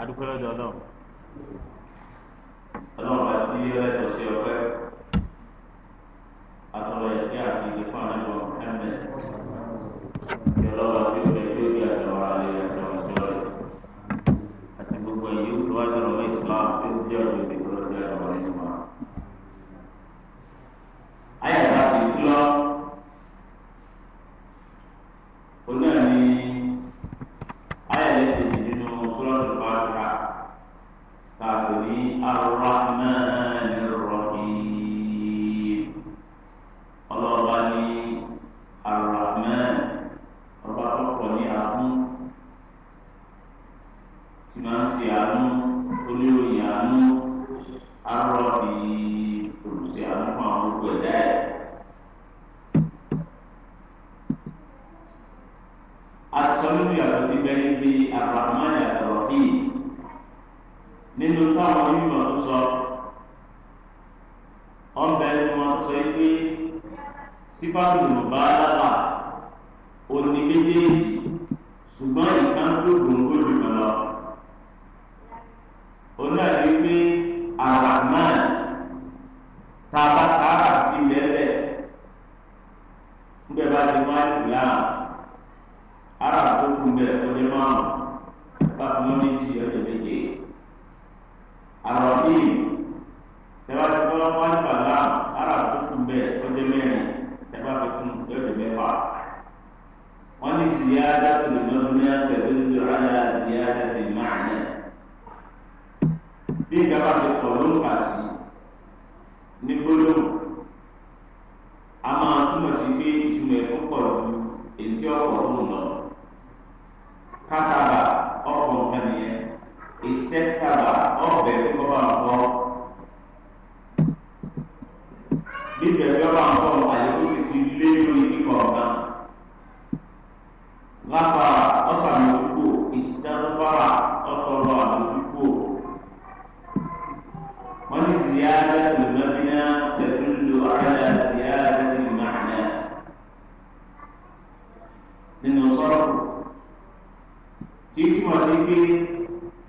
adúpẹ́ lọ́dọ̀ ọlọ́run ọlọ́run àti ẹlẹ́tọ̀ọ́sí ọpẹ́. nínú sọ́rọ̀ tí túmọ̀ sí pé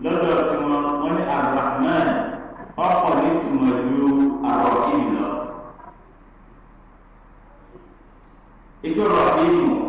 lọ́dọ̀ tí wọ́n wọ́n ní Abrahman ọkọ̀ ní túmọ̀ ju àrọ̀ yìí lọ. ìjọba yìí mọ̀.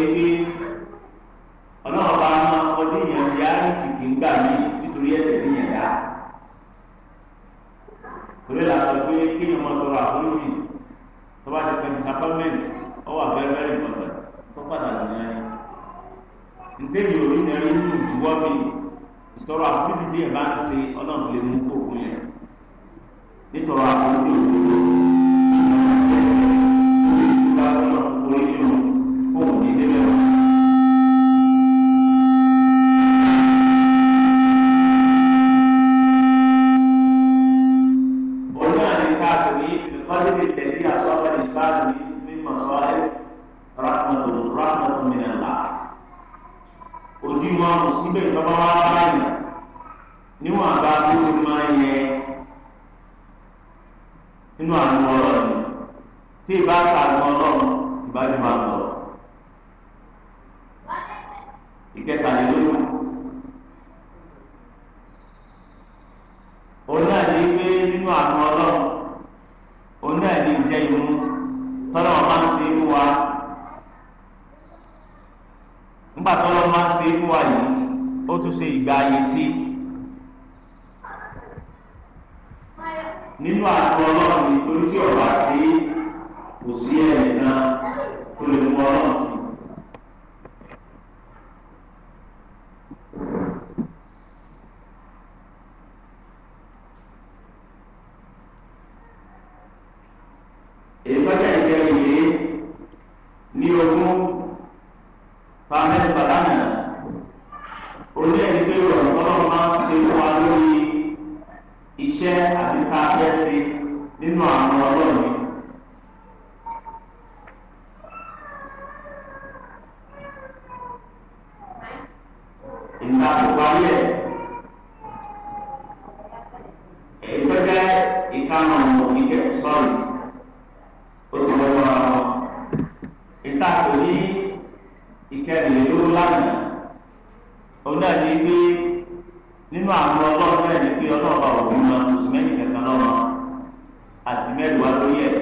ele nínú àwọn ọlọ́run náà ni pé ọlọ́run bá òbí wọn mùsùlùmí kẹ̀kẹ́ lọ́wọ́ àti mẹ́rin wá lórí ẹ̀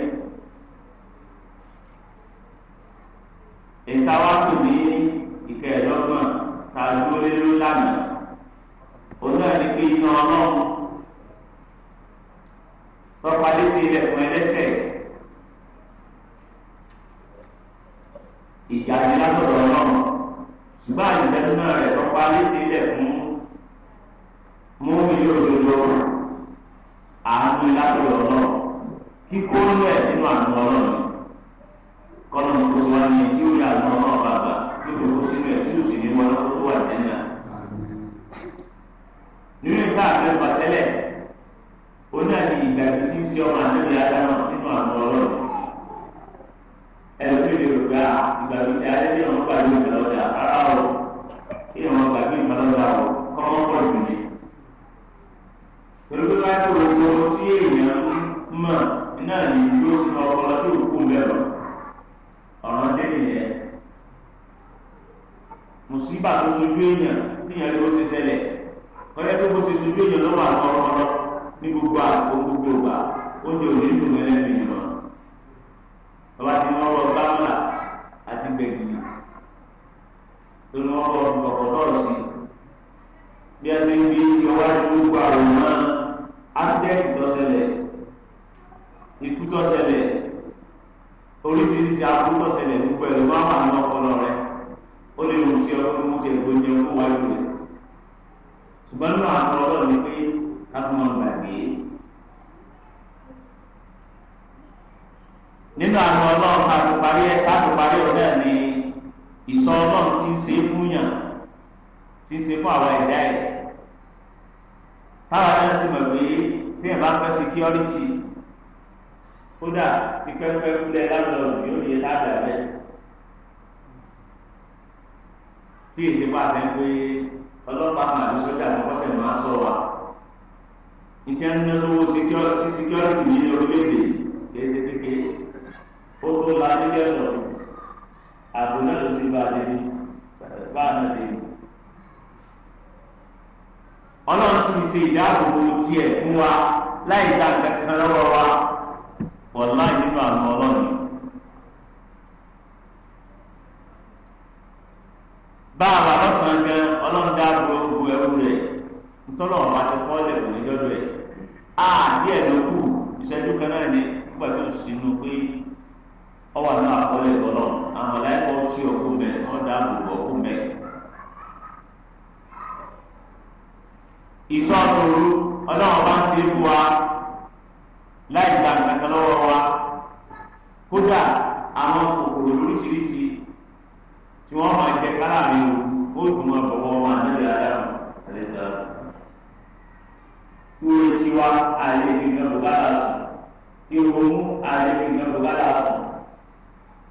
lórí bá a ṣe ní bá a náà ṣe ní. ọlọ́run ti ṣe ìdáàbòbò tiẹ̀ fún wa láì dá kankan lọ́wọ́ wa wọ́n láì nínú àwọn ọlọ́run. bá a bàbá sàn gan ọlọ́run dáàbò gbogbo ẹrú rẹ̀ ntọ́lọ́ ọ̀bá ti kọ́ kò ní jọ́dọ̀ ẹ̀. a díẹ̀ ló ìṣẹ́jú kan náà ni nígbà tó ń pé ọwọ́ àná àkọọ́lẹ̀ tọ́lọ̀ àwọn aláìkọ́ tí ọkùn bẹ̀ ọ̀dà àbùkù ọkùn bẹ̀. ìsọ̀rọ̀ ọlọ́run bá ń ṣe fún wa láì gba nǹkan lọ́wọ́ wa kódà àwọn kòkòrò lóríṣiríṣi tí wọ́n máa jẹ kálá mi o ó dùn wọn bọ̀wọ́ wọn àdébẹ̀ àdáhùn àdébẹ̀ àdáhùn. Kúrò tiwa àlejò náà bọ̀ bá dà sùn. Ìrònú àlejò náà bọ̀ bá dà sùn.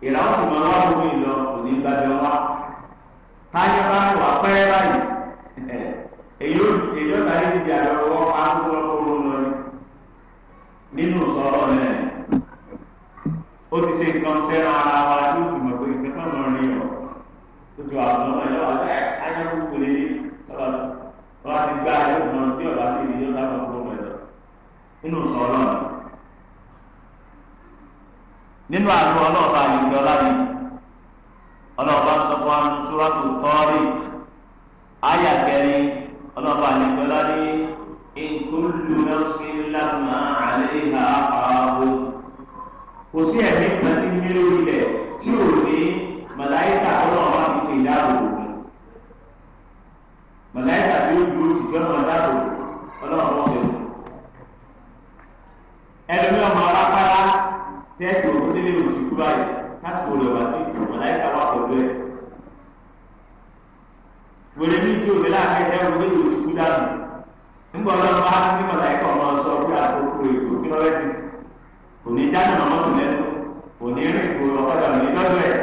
ìràwọ̀sùnmọ́ ọlọ́run mi lọ òní gbàgbé ọlá táyé bá wà pẹ́ẹ́ báyìí èyí ò èyí ò tàyé níbi akókò nínú sọ̀rọ̀ rẹ̀ ó ti ṣe nǹkan ara wa tó fi mọ̀ pé ìfẹ́ rí ọ ayé kúkú lé ti gbá tí fún nínú àlọ́ ọlọ́ọ̀bá àyùkẹ́ ọlámi ọlọ́ọ̀bá sọ́kọ́ àánú sóràtò tọ́ọ̀rì àyà kẹrin ọlọ́ọ̀bá àyùkẹ́ ọlámi ìkúlù ẹ̀sìn lánà àlẹ́ ìhà ààbò kò sí ẹ̀mí kan tí ń gbé lórí ilẹ̀ tí ò ní màláìkà ọlọ́ọ̀bá fi ṣe ìdáàbòbò màláìkà tí ó dúró ti fẹ́ mọ̀ dáàbòbò ọlọ́ọ̀bá ọ̀sẹ̀ ẹlòmíràn mọ̀ alápárá. tẹ́tù òkúsílẹ̀ òṣìkú báyìí lásìkò lọ́wọ́ àti màláìka wà pẹ̀lú ẹ̀. wèrè ní tí òbí láàfin ẹ̀rù ní òṣìkú dànù nígbà ọlọ́run bá ní màláìka ọmọ sọ pé àkókò ètò kílọ́rẹ́sìs òní dáná màmá tó lẹ́nu òní rìn kò ọ̀kadà òní lọ́dọ̀ ẹ̀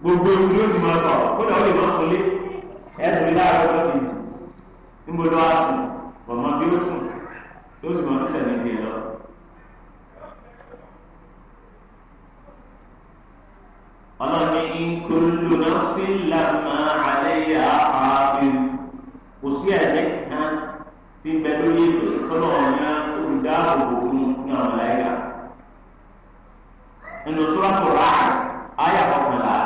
gbogbo ìlú ló sì máa tọ̀ kódà ó lè má sọlé ẹ̀sùn láàárọ̀ lọ́dún kullu nafsin lamma 'alayha hafiz kò sí ẹ̀jẹ̀ kan tí ń bẹ lórí ètò ìtọ́nà ọ̀nà olùdáàbòbò fún ní ọ̀nà ẹ̀yà. nínú sọ́kùnrin rà áyà kọkànlá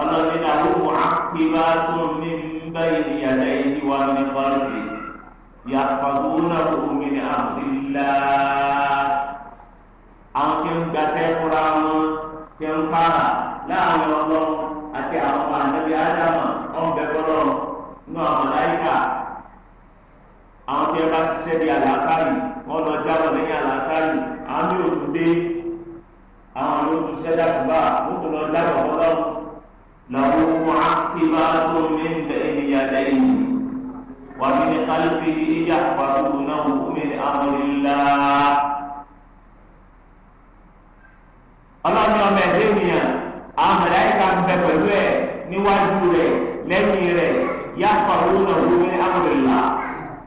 ọlọ́ni làwọn mu'aqqibatun min bayni yadayhi wa min khalfihi yahfazunahu min amrillah àwọn tí ń gbàṣẹ́ fúnra wọn tí ń pààrà láàrin ọlọ́run àti àwọn ọmọ ànábi ádámà ọ̀nbẹ fọlọ́run nínú àwọn láyíká àwọn tí ẹ bá ṣiṣẹ́ di àlàásárì wọn lọ jábọ̀ lẹ́yìn àlàásárì àwọn ní òtún dé àwọn ní òtún ṣẹ́dá fúbà wọn tún lọ jábọ̀ fọlọ́run làwọn ọmọ àkìbá tó mi ń bẹ ènìyàn lẹ́yìn wà mí ní kálífì ìyá àfàdùn náà wọ́n mi ní amọ̀lélá. ọlọ́run ọmọ ẹ̀dẹ́ ènìyàn àwọn mẹ̀láìka ń bẹ pẹ̀lú ẹ̀ níwájú rẹ̀ lẹ́yìn rẹ̀ yá pàrọ̀ náà wọ́n ní amúlẹ̀lá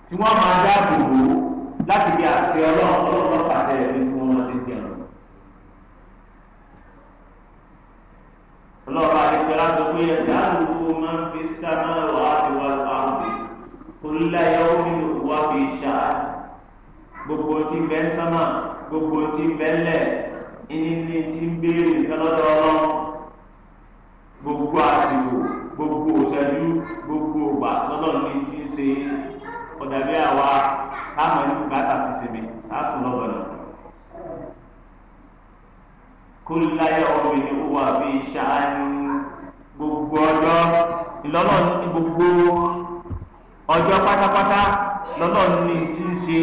tí wọ́n máa dáàbò bò láti bí àṣẹ ọlọ́run ọlọ́run pàṣẹ rẹ̀ ní fún wọn ṣe jẹun. ọlọ́run àdìgbò láti pé ẹsẹ̀ àlùkò máa ń fi sáná wà á ti wá láàbò olùláyà omi wà fi ṣá gbogbo tí bẹ́ẹ̀ sánmà gbogbo tí bẹ́ẹ̀ lẹ̀ ìní ni ti ń béèrè nǹkan lọ́dọ̀ gbogbo àsìkò gbogbo òṣèlú gbogbo ògbà lọ́dọ̀ ní ti ń ṣe ọ̀dàbí àwa táwọn ẹni bùkátà sì sinmi láàsùn lọ́dọ̀ náà. kólíláyà ọ̀gbìn ni ó wà bí gbogbo ọjọ́ ní gbogbo ọjọ́ pátápátá ní ti ń ṣe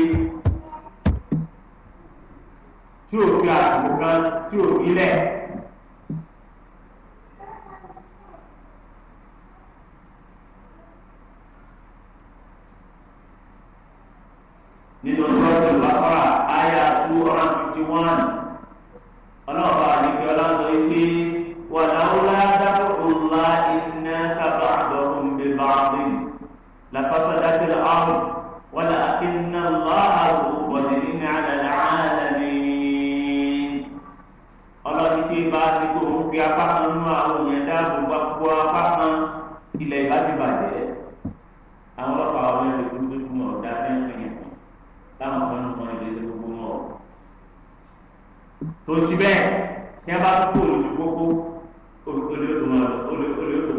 tí òfin nínú sọ́ọ̀tù bàbá àyà two hundred fifty one ọlọ́ọ̀bà àdìgbẹ́ ọlọ́sọ ilé wà láwùlá dákòlá iná sábà àdọ́kùn bíbá àdín làfàṣà dákìlá àrùn wà tó ti bẹ́ẹ̀ tí a bá kó tó máa olè olè tó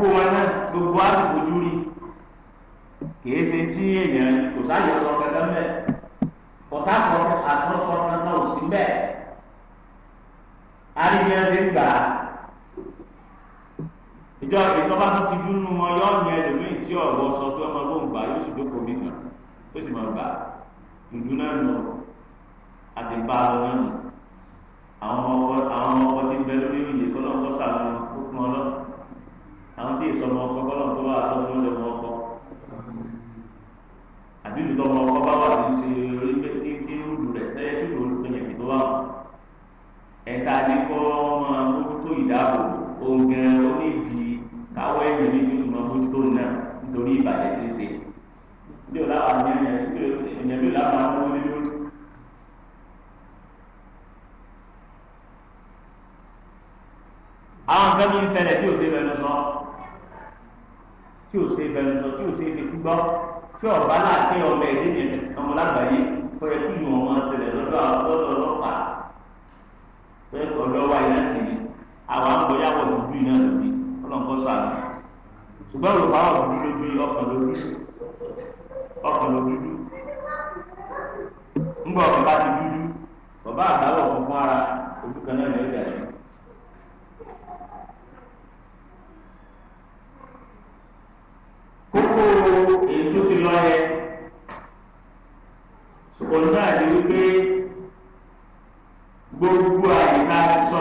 pọ̀ wọn náà gbogbo àsìkò júrí kìí ṣe tí èèyàn kò sọ mẹ kò sáfọ àsọsọ kankan ò sí mẹ gbà á ìjọ ìjọba tó ti dúnú wọn yọ ọyàn ẹlòmíì tí ọ̀rọ̀ sọ pé ọmọ yóò dókòó ó sì máa ìlú náà nù àti bá a lọ nù àwọn ọmọ àwọn ọmọ ọkọ ti ń bẹ lórí ìyè kọ́ lọ́nkọ́ sàlọ́ ó kún ọ lọ àwọn tí ìsọmọ ọkọ kọ́ lọ́nkọ́ wà lọ́wọ́ lọ́wọ́ ọkọ àbí ìlú tọmọ ọkọ bá wà ní ṣe àwọn nǹkan mi ń ṣẹlẹ̀ tí ò ṣe fẹnu sọ tí ò ṣe fẹnu sọ tí ò ṣe fetí gbọ́ tí ọ̀bá náà ọmọ ẹ̀dẹ́ yẹn ọmọ lágbàáyé ó yẹ kí ìlú wọn ṣẹlẹ̀ lọ́dọ̀ àwọn lọ́dọ̀ ọlọ́pàá pé ọ̀dọ́ wa yẹn ṣe iná lòdì ọlọ́nkọ́ ṣùgbọ́n lójú ọkàn lójú ọkàn lójú ti dúdú àkókò èyí tó ti lọ yẹ ṣùgbọ́n náà ni wípé gbogbo àyíká ti sọ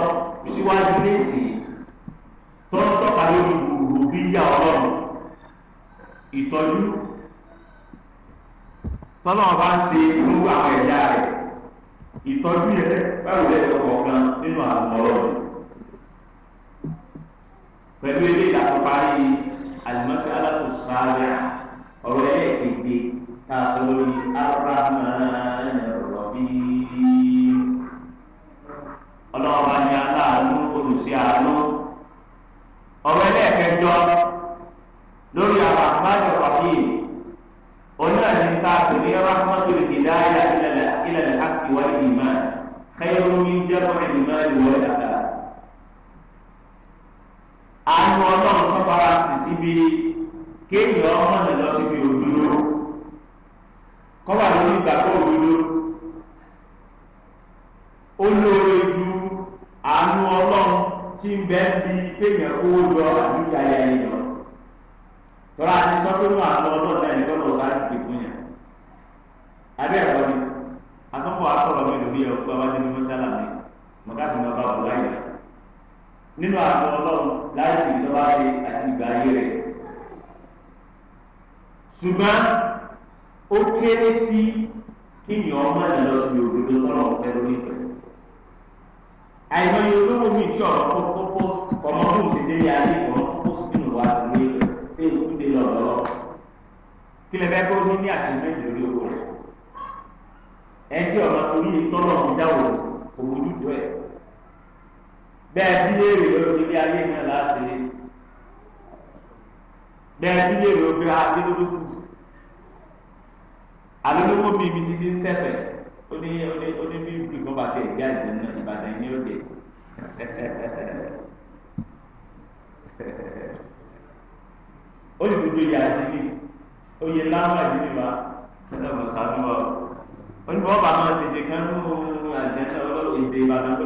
síwájú lẹ́sì tọ́tọ́ka lórí gbogbo bíyà ọlọ́run ìtọ́jú tọ́lọ́wọ́n bá ń ṣe fún àwọn ẹ̀dá rẹ̀ ìtọ́jú yẹn báwo lẹ́yìn ọkọ̀ọ̀kan nínú àwọn ọlọ́run pẹ̀lú ilé ìdàpọ̀ parí alimasi alatu sáárà ọ̀rọ̀ ẹlẹ́ẹ̀kejì tá a sọ lórí arahamani rọ̀bì ọlọ́ọ̀bá ni aláàánú olùsí àánú ọ̀rọ̀ ẹlẹ́ẹ̀kẹjọ lórí arahamani rọ̀bì onídàájú tá a sọ ní rahmatul hidayah ilẹ̀ ilẹ̀ haqqi àánú ọlọ́run tó fara sí síbi kéèyàn ọmọ rẹ̀ lọ síbi òdodo kọ́wà lórí ìgbàgbọ́ òdodo ó lóore ju àánú ọlọ́run tí ń bẹ́ bí kéèyàn kó lọ àdúgbò ayẹyẹ lọ tọ́lá àti sọ́kúnmọ́ àlọ́ ọlọ́run ẹni tó lọ sáré sí fún yàn abẹ́ ẹ̀kọ́ ni atọ́kọ̀ akọ̀rọ̀ mi lórí ẹ̀ ọgbà wájú ní mọ́sálàmì mọ̀ká sì máa bá bọ̀ láyé nínú àtọ ọlọ́run láì sì ìjọba ṣe àti ìgbà ayé rẹ̀ ṣùgbọ́n ó kéré sí kínyìn ọmọ ẹ̀ lọ sí òdodo tọrọ ọ̀fẹ́ lórí ìfẹ́ àìmọye olówó mi tí ọ̀rọ̀ kókókó ọmọ ọdún ti dé ayé ọ̀rọ̀ kókó sí nínú wa sí lórí ìfẹ́ tí èyí kúndé lọ́rọ̀ kí lè fẹ́ kó ní ní àtìmẹ́jì lórí owó rẹ̀ ẹ tí ọ̀rọ̀ torí ìtọ́nà ìdáwó òwúdúdú ẹ̀ bẹ́ẹ̀ bí léèrè lórí ilé ayé náà láti rí bẹ́ẹ̀ bí léèrè obì adélólókù adélólókù bíi ibi títí ń tẹ̀fẹ̀ ó ní ó ní ó ní bí ìgbìmọ̀ bá ti ẹ̀já ìdùnnú náà ìbàdàn ní òde ó ní gbogbo ìyá àdìrí ó yẹ láwọn àdìrí wa ẹ̀rọ mọ̀sánú wa ó ní bọ́ọ̀bà máa ṣèdè kan ní àjẹsà ọlọ́run ìdè ìbàdàn tó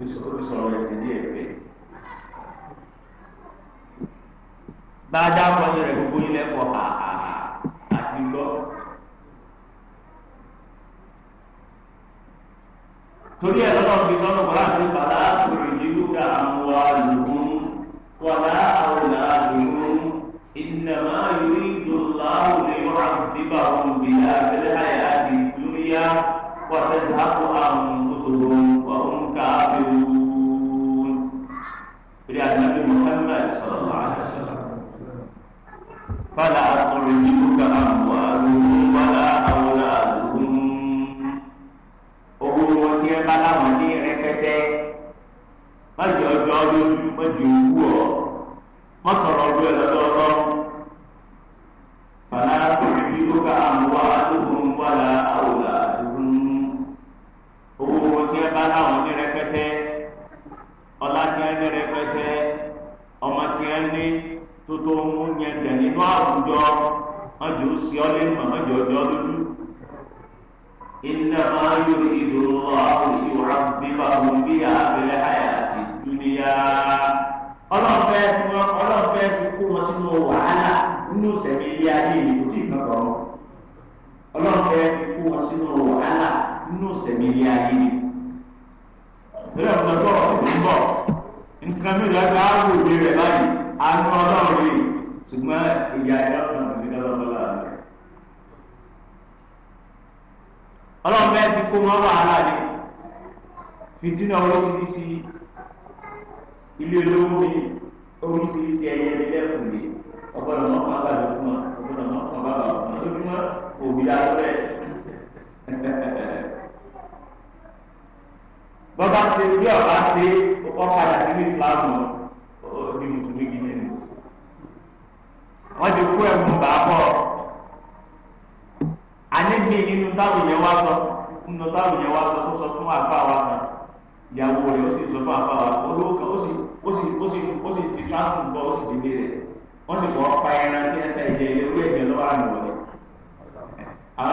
Sulawesi DFA bá a dáàbò ọyọ rẹ gbogbo allah pọ̀ àhàhà àti gbọ́. torí ẹ̀ lọ́dọ̀ fi sọ́nù kọ́lá àti bàlá àtòrí nínú ká allah lùkún kọ́lá àwòlá lùkún وتزهق أنفسهم وهم كافرون بريات النبي محمد صلى الله عليه وسلم فلا تعجبك أموالهم ولا أولادهم owó tí ẹ bá láwọn ní rẹpẹtẹ má jẹ ọjọ́ lójú má jẹ òwú ọ má tọrọ ọdún ẹ lọ́dọọdọ fàlà tó rí bí ó ká àwọn àdókòwò wà láà. ẹ bá láwọn ní rẹpẹtẹ ọlá tí ẹ ní rẹpẹtẹ ọmọ tí ẹ ní tó tó mú yẹn dẹ nínú àwùjọ wọn jò ó sí ọ lé mọ wọn jò lójú. iná máa ń yọ ìdòrò àwọn ìwà bíbá òun bí abẹ́rẹ́ àyàtì dúníyà ọlọ́fẹ́ ọlọ́fẹ́ fi kó wọn sínú wàhálà nínú sẹ̀mí ilé ayé ìlú tí ìkankan ọlọ́fẹ́ fi kó wọn sínú wàhálà nínú sẹ̀mí ilé ayé ìlú tẹ́lẹ̀ ọ̀nà tó ọ̀sìn ti ń bọ̀ nǹkan mi lọ́ọ́ ká wò ní rẹ̀ báyìí àánú ọlọ́run rè ṣùgbọ́n ìyá ẹlọ́run ní lọ́lọ́lọ́lá rẹ̀. ọlọ́run bẹ́ẹ̀ ti kó mọ́ wàhálà ni fìtínà oríṣiríṣi ilé olówó mi oríṣiríṣi ẹyẹ ẹlẹ́kùn mi ọ̀pọ̀lọpọ̀ máa bá bàbá fún wa ọ̀pọ̀lọpọ̀ máa bá bàbá lójúmọ́ òbí bọ́bá ṣe bí ọba ṣe ó padà ní mùsùlùmí gidi ni wọ́n ti kú ẹ̀bùn bá bọ̀ nínú táwọn yẹn wá sọ nínú táwọn yẹn wá sọ tó sọ fún wa kan ìyàwó rẹ̀ ó sì sọ fún wa olówó kan ó sì ó sì ó sì ti ó sì rẹ̀ wọ́n sì fọ́ pa ẹran tí ẹ ẹ̀jẹ̀ lọ́wọ́ àná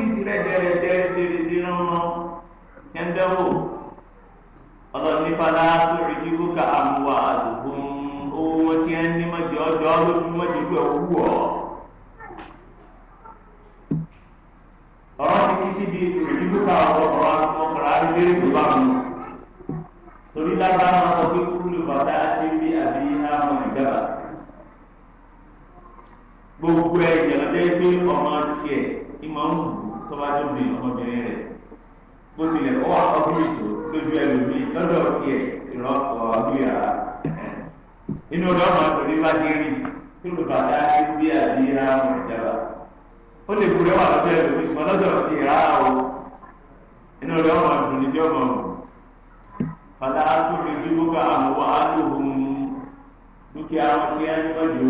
ó lè kúrẹ́ wà lọ́dọ̀ ẹ̀rọ ìṣùgbọ́n lọ́dọ̀ ti rà á o inú rẹ̀ ọmọ ìdùn ní jẹ́ ọmọ fàdà á tó lè dúró ká àwọn wàhálà òun dúkìá wọn tí ẹ ń tọ́jú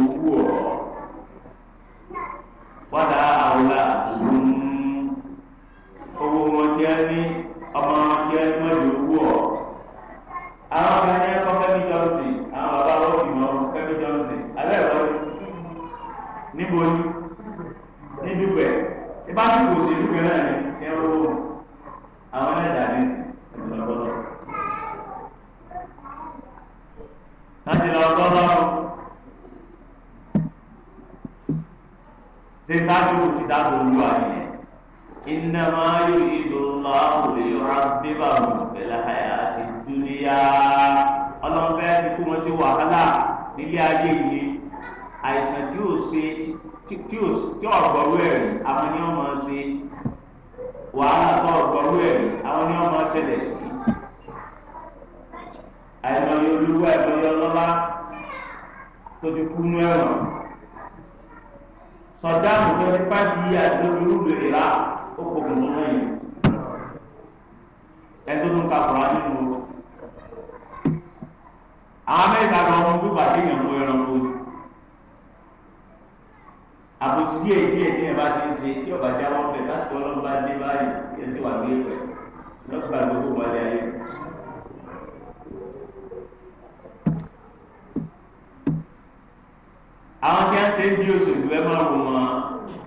àwọn tí a ṣe ń di ebe ẹ máa wò wọn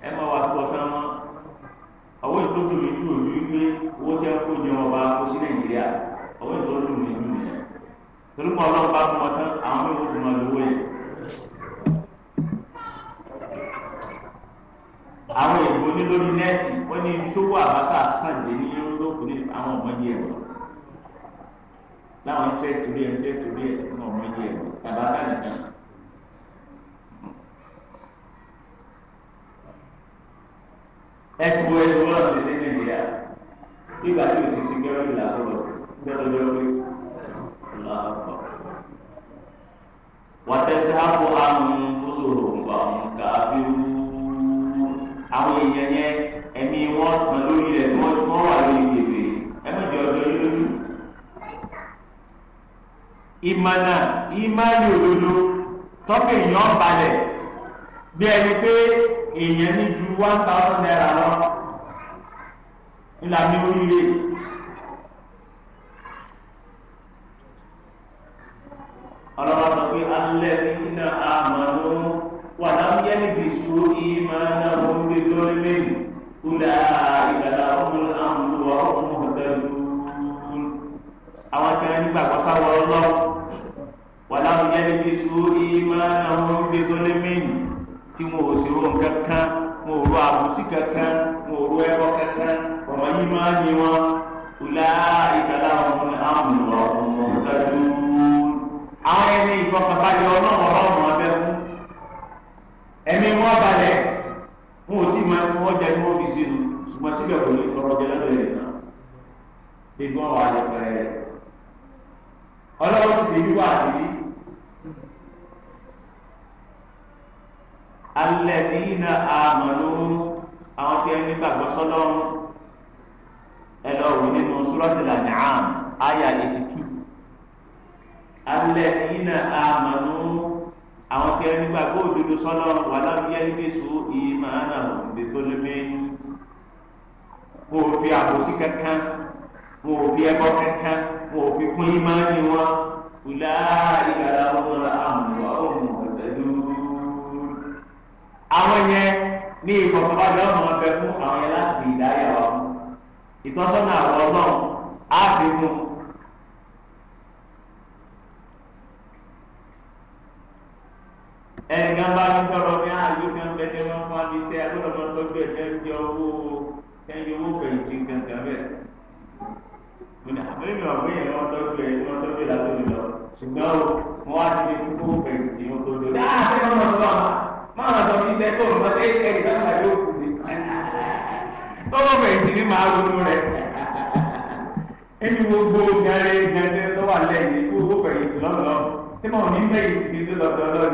ẹ máa wà tó ọsán mọ àwọn ètò tó mi dúró ní wípé owó tí a kó jẹ wọn bá nàìjíríà àwọn ètò tó mi dúró fún wọn tán àwọn yóò tó máa lówó yẹn. àwọn èèbò ní lórí nẹ́ẹ̀tì ní ibi tó wà àbáṣà sàn dé ní yúróòpù ní àwọn ọmọdé ẹ̀rọ láwọn ẹsùn wo ẹsùn wọn ti ṣe nàìjíríà nígbà tí o sì sí gẹ́gẹ́ bí làásùrọ̀ gbẹ́dọ̀gbẹ́dọ̀ làásùrọ̀. wọ́n tẹ̀sí àpò àrùn fóṣòrò nǹkan kàáfí àwọn èèyàn yẹn ẹ̀mí wọn tàn lórí rẹ̀ tí wọ́n wà lórí ìgbèbè ẹ̀mẹ́jọ ọjọ́ yìí lójú. ìmọ̀nà ìmọ̀lì òdodo tọ́pẹ̀ yọ̀ balẹ̀ bí ẹni pé èèyàn ní ju one thousand naira lọ ńlá ní oríire. ọlọ́wọ́ sọ pé alẹ́ iná àmọ́nú wà láwọn yẹn níbi ìṣòro ìmọ̀ náà wọ́n gbé lórí lẹ́yìn kúlẹ̀ ìgbàlá ọmọ àmúlò ọmọ ọ̀dẹ́lu. àwọn tí wọ́n nígbàgbọ́ sáwọ́ ọlọ́wọ́ wà láwọn yẹn níbi ìṣòro ìmọ̀ náà wọ́n gbé lórí lẹ́yìn tí wọn ò sì ro nǹkan kan wọn ò ro àbùsí kankan wọn ò ro ẹbọ kankan ọmọ yìí máa ń ní wọn ọlá ìkàlà ọmọ àwọn ìwà ọmọ ìdájú. àwọn ẹni ìfọkànbalẹ̀ ọlọ́run ọlọ́run abẹ́ fún ẹ̀mí wọn balẹ̀ wọn ò tí ì máa ti wọ́n jẹ ní ọ́fíìsì nù ṣùgbọ́n síbẹ̀ kò ní tọrọ jẹ lọ́dọ̀ rẹ̀ náà bí wọ́n wà á ọlọ́run ti ṣe wíwá àti alladina amanu àwọn tí ẹni gbàgbọ́ sọ́lọ́run ẹ lọ wò nínú suratul an'am àyà eighty two alladina amanu àwọn tí ẹni gbàgbọ́ òdodo sọ́lọ́run wà láwọn yẹn fèsò ìmọ̀ọ́nà òǹdẹ́tọ́lẹ́mí wọn ò fi àbòsí kankan wọn fi ẹbọ kankan wọn fi kún ìmọ̀ọ́nì wọn ìlà ìgbàlá wọn lọ́la àwọn yẹn ní ìkọ̀kọ̀bájọ́ ọmọ ọbẹ̀ fún àwọn yẹn láti ìdáyà wa fún ìtọ́sọ́nà àwọn ọlọ́run á fi mú. ẹnìkan bá mi sọ̀rọ̀ ní àjò kan bẹ́tẹ̀ wọn fún àbí iṣẹ́ agbọ́dọ̀ máa tọ́jú ẹ̀ tẹ́jú owó tẹ́jú owó fẹ̀yìntì kankan bẹ́ẹ̀. Gbọ̀dọ̀ àbúrò mi ọ̀gbìn yẹn wọ́n tọ́jú ẹ̀ wọ́n tọ́jú ẹ̀ látọ̀jú lọ. Ṣùgbọ́n wọ́n tó dé máa sọ ní bẹ́ẹ̀ tó lọ sí ẹ̀yìn náà yóò kù mí. tọ́lọ́ bẹ̀rẹ̀ sí ni màá ronú rẹ̀. ẹni gbogbo ìyáre ìyáre tó wà lẹ́yìn ikú owó bẹ̀rẹ̀ sí lọ́dọ̀ tí mo ní bẹ́yìn sí ní lọ́dọ̀ lọ́dọ̀.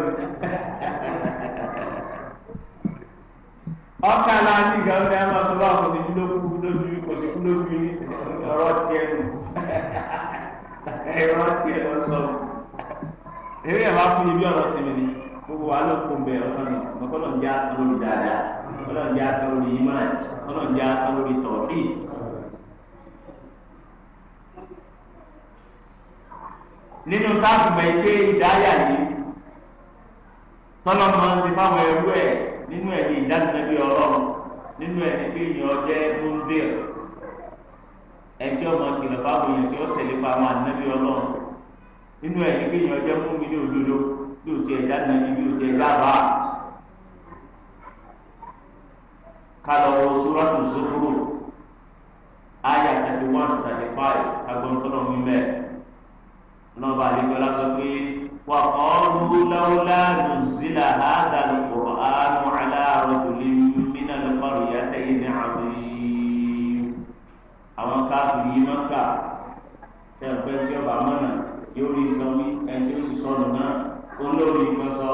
ọkà náà ti gà máa sọ bá kò sí kú lójú kò sí kú lójú ní ọ̀rọ̀ tiẹ̀ nù ẹ̀rọ tiẹ̀ lọ sọ. eré ẹ̀ máa fún ibi ọ̀rọ̀ sí mi ni gbogbo wa ló kún bẹ ọ̀tọ̀ ni ọkọlọ ń já lórí dáadáa ọkọlọ ń já lórí imá ọkọlọ ń já lórí tọ̀ọ̀dì. nínú táàbùmọ̀ ike ìdáyà yìí tọ́lọ́ máa ń ṣe fáwọn ẹrú ẹ̀ nínú ẹ̀ ní ìdánilẹ́bí ọlọ́run nínú ẹ̀ ní kéèyàn jẹ́ múndìr ẹjọ́ ọmọ kìlọ̀ fáwọn èèyàn tí ó tẹ̀lé pa àwọn ànábì ọlọ́run nínú ẹ̀ ní kéèyàn jẹ́ múmi ní òdodo bí o ti ẹ̀dá nàbí bí o ti ẹ̀dá bá kálọ̀ sóràtù sófúrò àyà thirty one to thirty five agbọ̀ntọ́nà mímẹ́ nọmba àdìgbọ́lá sọ pé wà qalu lawla nuzila hadha al-Qur'anu ala rajulin minal qaryatayni azim àwọn káàkiri yìí máa ń kà tẹ̀ pẹ́ tí ọba mọ́nà yóò rí nǹkan wí ẹ̀ tí ó sì sọnù náà olórí nǹkan sọ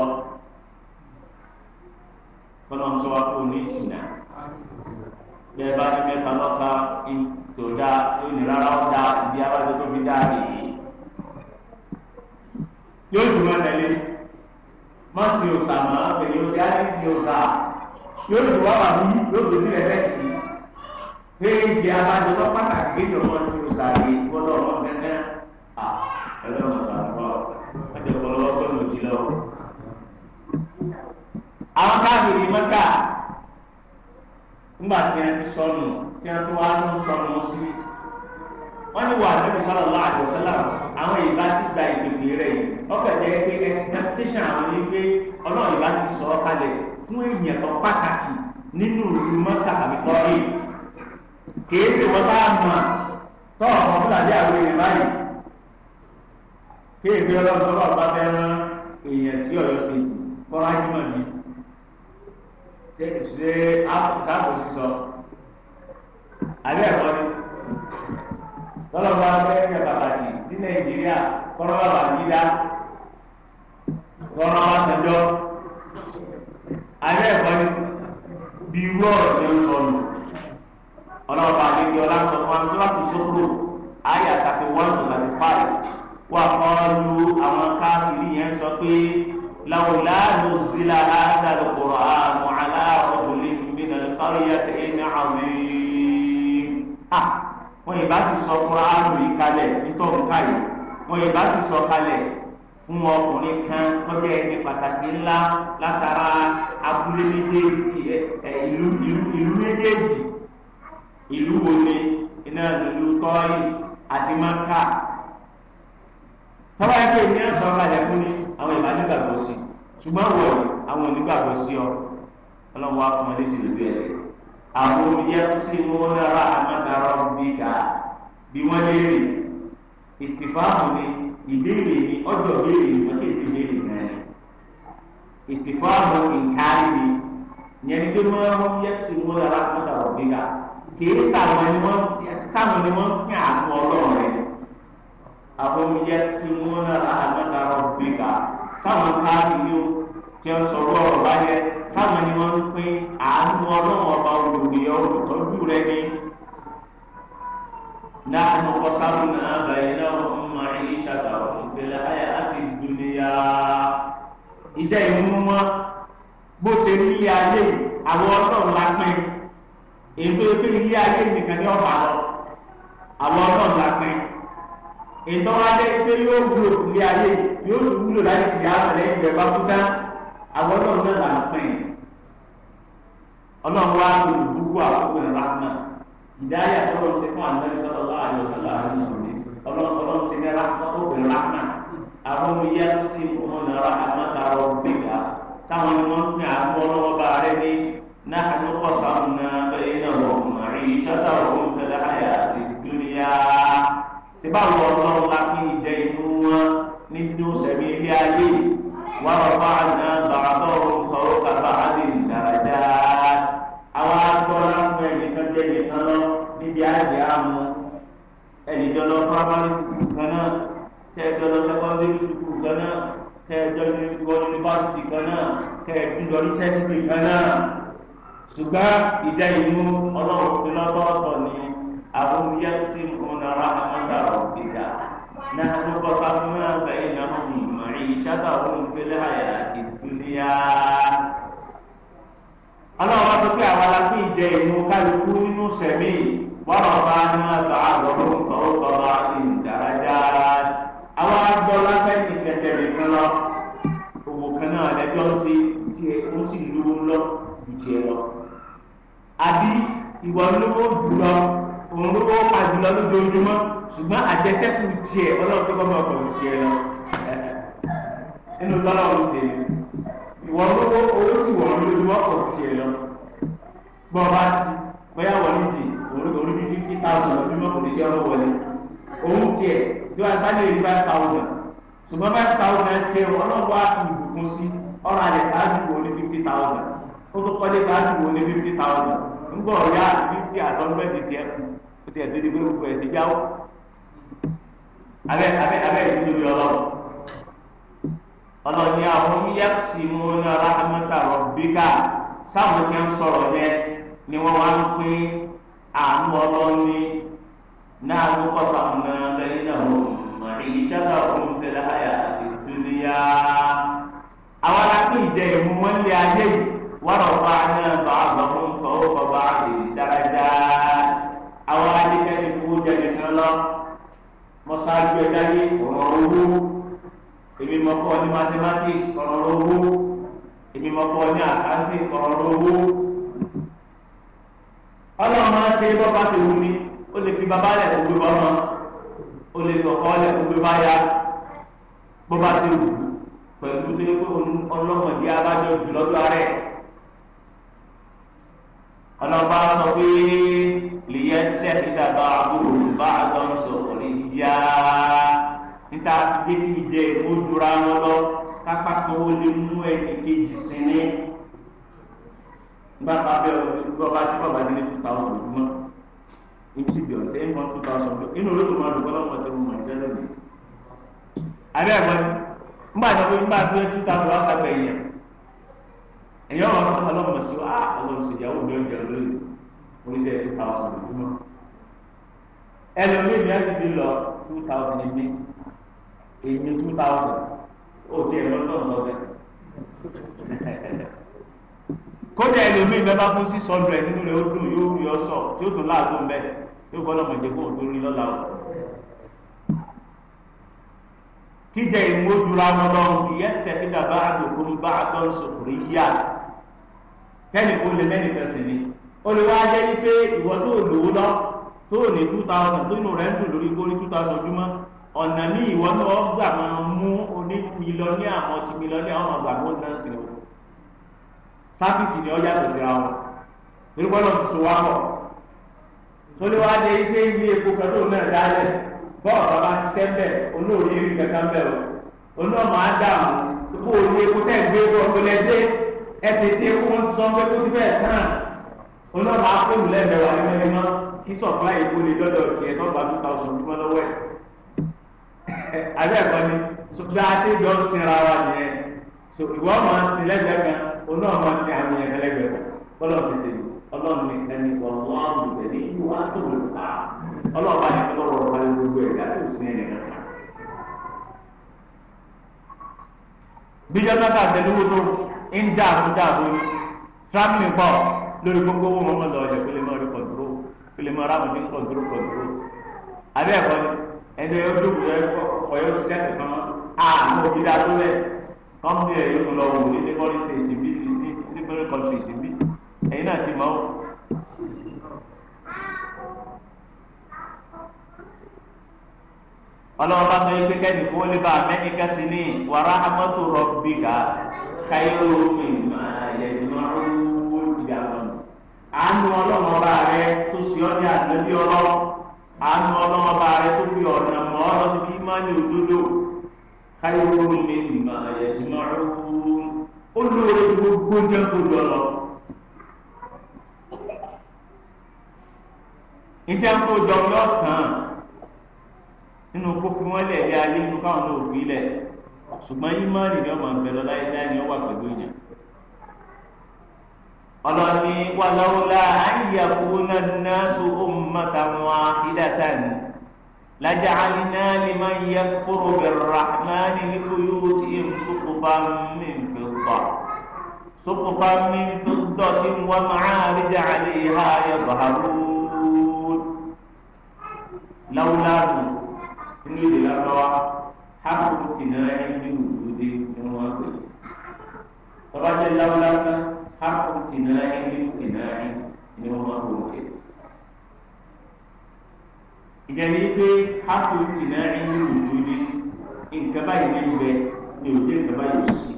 kọ́nà sọ wa kó ní ìsìnà bẹ́ẹ̀ bá ní mẹ́ta lọ́ka tó dáa yóò ní rárá ó dáa ìdí abájọ tó fi dáa nìyí yóò dùn ọ́ tẹ̀lé má sì òsà má tẹ̀lé òsà á ní sì òsà yóò dùn wá wà ní yóò dùn ní ẹ̀rẹ́ sí pé ìdí abájọ tó pàtàkì kéjọ mọ́ sí òsà yìí gbọ́dọ̀ ọ̀rọ̀ gẹ́gẹ́ à ẹlẹ́wọ̀n sàrò ti lọ. àwọn káàkiri mẹ́ta nígbà tí wọ́n ti sọnù tí wọ́n tó wá ń sọnù sí wọ́n ní wà lẹ́nu sọ́lá láàjọ sọ́lá àwọn ìbá sì gba ìgbègbè rẹ̀ yìí ọkọ̀ jẹ́ pé expectation àwọn ní pé ọlọ́run ìbá ti sọ ọ́ kalẹ̀ fún èèyàn tó pàtàkì nínú ìlú mọ́tà àbí kọ́rí kìí sì wọ́n bá mọ̀ tó ọ̀pọ̀ fúlàní àwọn èèyàn báyìí kí èmi ọlọ́run tó bá bá rán. èèyàn sí Ọ̀yọ́ stéètì fọ́nrán jùmọ̀ ni ṣe sáàpù sísọ àbẹ́ ẹ̀kọ́ ni lọ́lọ́gbọ́n abẹ́rẹ́ pàtàkì sí Nàìjíríà fọ́nrán bàbá yíyá fọ́nrán wá ẹ̀kọ́ ni bí irú ọ̀rọ̀ sọ nù àgbẹ̀kẹ́ sọ fún wa sọ́wọ́n sọ́kúrò one wà kọ́ọ̀lù àwọn káfíìrì yẹn sọ pé lawla nuzila hadha al-Qur'anu ala rajulin min al-qaryatayn azim. wọ́n yìí bá sì sọ Kùránù yìí kalẹ̀ nítorí káyọ̀ wọ́n yìí bá sì sọ kalẹ̀ fún ọkùnrin kan tọ́jú ẹni pàtàkì ńlá látara abúlé méjèèjì ìlú ìlú ìlú méjèèjì ìlú wo ni iná ìlú tọ́yì àti mọ́kà tọ́wọ́ yẹ pé ìmíràn sọ̀rọ̀ àjẹkùn ní àwọn ìbánigbàgbọ́ sí ṣùgbọ́n wọ̀ àwọn onígbàgbọ́ sí ọ ọlọ́wọ́ akọ̀mọ́ léṣe lójú ẹsẹ̀ àwọn yẹnsì múnára àmàdàrọ̀ bíkà bí wọ́n léèrè ìsìfáàmù ni ìbéèrè ni ọjọ́ béèrè ni wọ́n kì í sí béèrè náà ni ìsìfáàmù ìkárí ni ìyẹn ni pé wọ́n yẹnsì múnára àmàdàrọ̀ bíkà kì í sàwọn ni wọ́n pín àánú ọlọ́run rẹ̀ àbọ̀mí yẹ ti mú náà àgbàdà sáwọn káàdì yóò tí ó sọ lọ́rọ̀ sáwọn ni wọn ń pín àánú ọlọ́run ọba olùgbìyà olùtọ́jú rẹ ní. نحن قسمنا بينهم معيشتهم في الحياة الدنيا ìjẹ́ ìmú bó ṣe ní ilé ayé àwọn ọlọ́run la pín ilé ayé nìkan ní la pín ìtọ́ wa jẹ́ pé yóò wúlò ní ayé yóò sì wúlò láti ṣìyà àtẹ̀lẹ́ ìgbẹ́ bá kú tán àwọn ọlọ́run náà là ń pè é ọlọ́run wa lò gbogbo àkókò ìrìn rahman ìdáyà tọ́lọ́ ti fún àtẹ̀lẹ́ sọ́dọ̀ láàyò sọ́dọ̀ àti sọ̀rọ̀ ọlọ́run ti ní rahman ó bẹ̀rẹ̀ rahman àwọn ọmọ ìyá tó sì fún ọmọ náà rahman làwọn gbẹ̀gà táwọn ni wọ́n ń pè àwọn ọlọ́wọ́ bá rẹ ní náà ló kọ̀ sáà síbá wọ ọlọ́run la fi ìjẹ inú wọn nínú sẹ̀mí ilé ayé wà ọba àná bàbá òun kọ̀ọ̀ bàbá àdé ìdàrájà àwọn agbọ́nà fún ẹnìkan jẹ́ nìkan lọ níbi àjẹ́ àmọ́ ẹnìjọ lọ primary school kan náà tẹ́ẹ̀jọ lọ secondary school kan náà lọ university kan náà lọ research kan náà ìjẹ inú ọlọ́run fi lọ́tọ̀ọ̀tọ̀ ni. أهم يقسمون رحمة ربك نحن قسمنا بينهم معيشتهم في الحياة الدنيا ọlọ́run sọ pé àwọn alágbé ìjẹ ìmú kálukú nínú sẹ̀mí wọ́n bá ní àgbà àgbọ̀rún fọwọ́ bọ́lá ìdárajà àwọn lọ òwò kan náà lẹ́jọ́ sí ó sì lówó lọ lọ àbí ìwà olówó jù lọ. òun ló kọ́ máa jùlọ lójoojúmọ́ ṣùgbọ́n àjẹsẹ́kù tiẹ̀ ọlọ́run tó kọ́ máa pọ̀ lù tiẹ̀ lọ nínú tọ́lá òun ṣe ìwọ lówó owó tí wọ́n lójúmọ́ pọ̀ lù tiẹ̀ lọ gbọ́ bá sí bóyá wọ́n ní ti òun ní fifty thousand lójúmọ́ kò ní ṣe ọ̀rọ̀ wọlé òun tiẹ̀ tí wọ́n bá lè rí five thousand ṣùgbọ́n five thousand tiẹ̀ ọlọ́run wá ìbùkún sí ọ̀rọ̀ àlẹ́ sáájú wo ní fifty thousand ó tó kọ́lé sáájú wo ní fifty thousand ń gbọ́ ọ̀yá fifty àtọ́gbẹ́dì tiẹ̀ kù ó ti ẹ̀dùn ní pé gbogbo ẹ̀sìn jáwó abẹ́ abẹ́ abẹ́ ìdílé ọlọ́run ọlọ́ni àwọn yẹ́kùsì mú ní ọlọ́dúnmọ́ta rọ̀bíkà sáwọn tí ń sọ̀rọ̀ yẹn ni wọ́n wá ń pín àánú ọlọ́ni náà ló kọ́ sàmúnà lẹ́yìn náà mọ̀ èyí jáde ọ̀hún fẹ́lẹ́ àyà àti dúníyà. àwọn alápín ìjẹ ìmú wọn lé ayé yìí wọ́n rọ̀ bá a náà fún fọwọ́ àwọn adékẹ́ni kú jẹni kan lọ mọ́sáájú ẹ̀dá yé ọ̀rọ̀ owó èmi mọ̀ kọ́ ní mathematics ọ̀rọ̀ owó èmi mọ̀ kọ́ ní accounting ọ̀rọ̀ owó ọlọ́run máa ń ṣe bọ́ba ṣe wù mí ó lè fi bàbá rẹ̀ kó gbé bọ́mọ ó lè kọ̀kọ́ rẹ̀ kó báyà bọ́ba ṣe wù pẹ̀lú tó yẹ kó ọlọ́mọdé abájọ jù lọ́dọ̀ rẹ̀ ọlọ́ba sọ pé lìyẹ ń tẹ́ ìdàgbà àbúrò bá àdán sọ̀rọ̀ lè yá níta débi jẹ ìmójúra wọn lọ kápá kan ó lè mú ẹnì kejì sinmi nígbà tá a bẹ bọba tí bọba ní two thousand ojúmọ́ eighty billion ṣe é mọ two thousand billion inú olóòtú máa dùn kọ́lọ́mù ọ̀sẹ̀ mọ̀ ẹ̀sẹ̀ lẹ́nu. abẹ́ ẹ̀kọ́ nígbà tí nígbà tí wọ́n two thousand wọ́n sábẹ̀ yẹn ẹ̀yìn ọ̀rọ̀ tó ọlọ́run mọ̀ sí wa ah, ọlọ́run sì ìyàwó mi ọjà lóyè oníṣẹ́ two thousand lójúmọ́ ẹlòmíì ni a sì fi lọ two thousand ẹ̀mí ẹ̀mí two thousand ó ti ẹ̀rọ lọ́dún lọ́dún kódà ẹlòmíì bẹ́ẹ̀ bá fún six hundred nínú rẹ̀ ó dùn yóò rí ọ sọ tí ó tún láàbò mbẹ́ yóò gbọ́dọ̀ mọ̀ jẹ́ kó o tó rí lọ́la o. kíjẹ ìmú ojúra wọn lọ ìyẹn tẹ̀ kí dàbá àdókòó bá àtọ́ sọ̀rọ̀ yíyá kẹ́ni kó lè mẹ́ni kẹsì ni ó lè wá jẹ́ pé ìwọ tó lòó lọ tó ní two thousand tó nù rẹ̀ ń dùn lórí kórí two thousand ojúmọ́ ọ̀nà ní ìwọ náà gbà máa mú onímìlọ́níà ọtìmìlọ́níà ọmọ àgbà mọ́ náà sí o sáfìsì ni ọ yàtọ̀ síra wọn torí bọ́lá ti so wá pọ̀ tó lè wá jẹ́ pé ilé epo kan tó náà dálẹ̀ bọ́ọ̀ bàbá ṣiṣẹ́ bẹ́ẹ̀ olóòrí rí kankan bẹ́ẹ̀ o olóòmà á dà mọ́ bó o ní epo tẹ́ gbé bọ́ọ̀ tó lẹ́ ẹ tètè kó wọn ti sọ pé kó ti bẹ́ẹ̀ tán onáwó akóhùn lẹ́ẹ̀mẹ́wàá ní mẹ́rin mọ́ kí sọ̀pá èkó lè dọ́dọ̀ tiẹ̀ náà gba two thousand dúpọ́ lọ́wọ́ ẹ̀ abẹ́ ẹ̀kọ́ ni bí a ṣe jọ sinra wa nìyẹn so ìwọ máa sin lẹ́gbẹ̀ẹ́ kan onáwó máa sin àwọn yẹn lẹ́gbẹ̀ẹ́ kan bọ́lá ti ṣe ọlọ́run ní ẹni ọ̀lọ́ àbùbẹ̀ ní ìlú wa tó lè ta ọlọ́run bá ní ọlọ́run ọba ní gbogbo ẹ̀dá tó sì ní ẹ̀yìn kan. bíjọ́ náà kà ń dààmú dààmú ni travelling pọ̀ lórí gbogbo owó wọn lọ ọjà pélé máa rí kọ̀dúró pélé máa ráàmù ní kọ̀dúró kọ̀dúró abẹ́ ẹ̀kọ́ ni ẹni ẹ dókòó ẹ kọ̀yọ́ sẹ́ẹ̀tì kan àmọ́ òbí dá tó lẹ̀ kọ́mpì ẹ̀ yóò lọ wò ní neighboring state bí ní neighboring countries bí ẹ̀yin náà ti mọ̀ ọlọ́wọ́ bá sọ yìí pé kó lè bá amẹ́nìkà sí ní wàrà amọ́tò rọ̀ káyọ̀ mímọ́ àyẹ̀dùnmọ́rún ìgbà lọ́nà. àánú ọlọ́run ọba rẹ tó ṣe ọ́ ní àdébí ọlọ́run àánú ọlọ́run ọba rẹ tó fi ọ̀nà mọ́ ọ lọ́sí bí má ní òdodo káyọ̀ mímọ́ àyẹ̀dùnmọ́rún ó lóore gbogbo jẹ́ gbogbo lọ. ìjẹ́ ń kó jọ lọ́sàn-án nínú kó fi lẹ̀ lé ayé nínú káwọn náà ò fi lẹ̀ ṣùgbọ́n ìmánì ni wọ́n máa ń bẹ̀rẹ̀ láéláé ni wọ́n wà pẹ̀lú èèyàn. ọlọ́ni wàlọ́wọ́lá àyàkúnà náṣu ummata wahidatan laja'alna liman yakfuru birrahmani li buyutihim suqufan min fidda suqufan min fiddatin wa ma'arija 'alayha yadhharun. láwùlá nù inú ìdè lọ́wọ́ hapu tìnara ẹni òdòdó ni wọn pè tọba jẹ lawulasa hapu tìnara ẹni tìnara ẹni ni wọn máa wò pè ìjẹni pé hapu tìnara ẹni òdòdó nǹkan báyìí ní ibẹ̀ ní òde nǹkan báyìí ò sí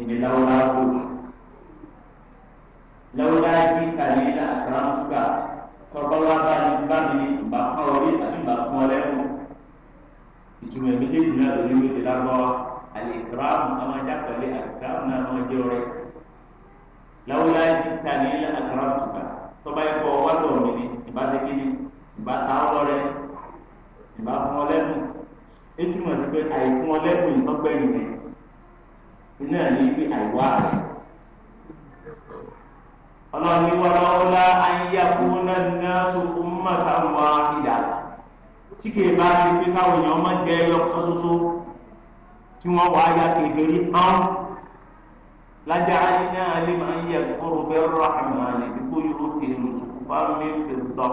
èdè lawulasa kò lawulasa yìí kàlí ní àkàrà fúkà tọba wa ìtumọ̀ méjèèjì náà lórí méjì lágbáwá àlèkìrámù àwọn ajákọ̀lé àlèkìrámù náà wọ́n jẹ́ ọ̀rẹ́ lawula jita ní àkàràmù tùkà tọ́ba yẹ kọ́ wá lọ mí ni ìbá ṣe kí ni ìbá ta ọ rẹ ìbá fún ọ lẹ́nu ìtumọ̀ sí pé àìfún ọ lẹ́nu ìtọ́gbẹ́yìn rẹ iná ní ibi àìwá rẹ ọlọ́ni wàlọ́wọ́lá ayé àkúnná náà tí kìí bá ṣe pé káwọn èèyàn máa ń jẹ ẹyọ kan ṣoṣo tí wọ́n wàá ya kékeré tán lájà iná alẹ́ máa ń yẹ kóró bẹ́ẹ̀ rọ àmì àlẹ́ dípò yóò kéré lóṣù fáwọn mẹ́fẹ̀ẹ́dọ́.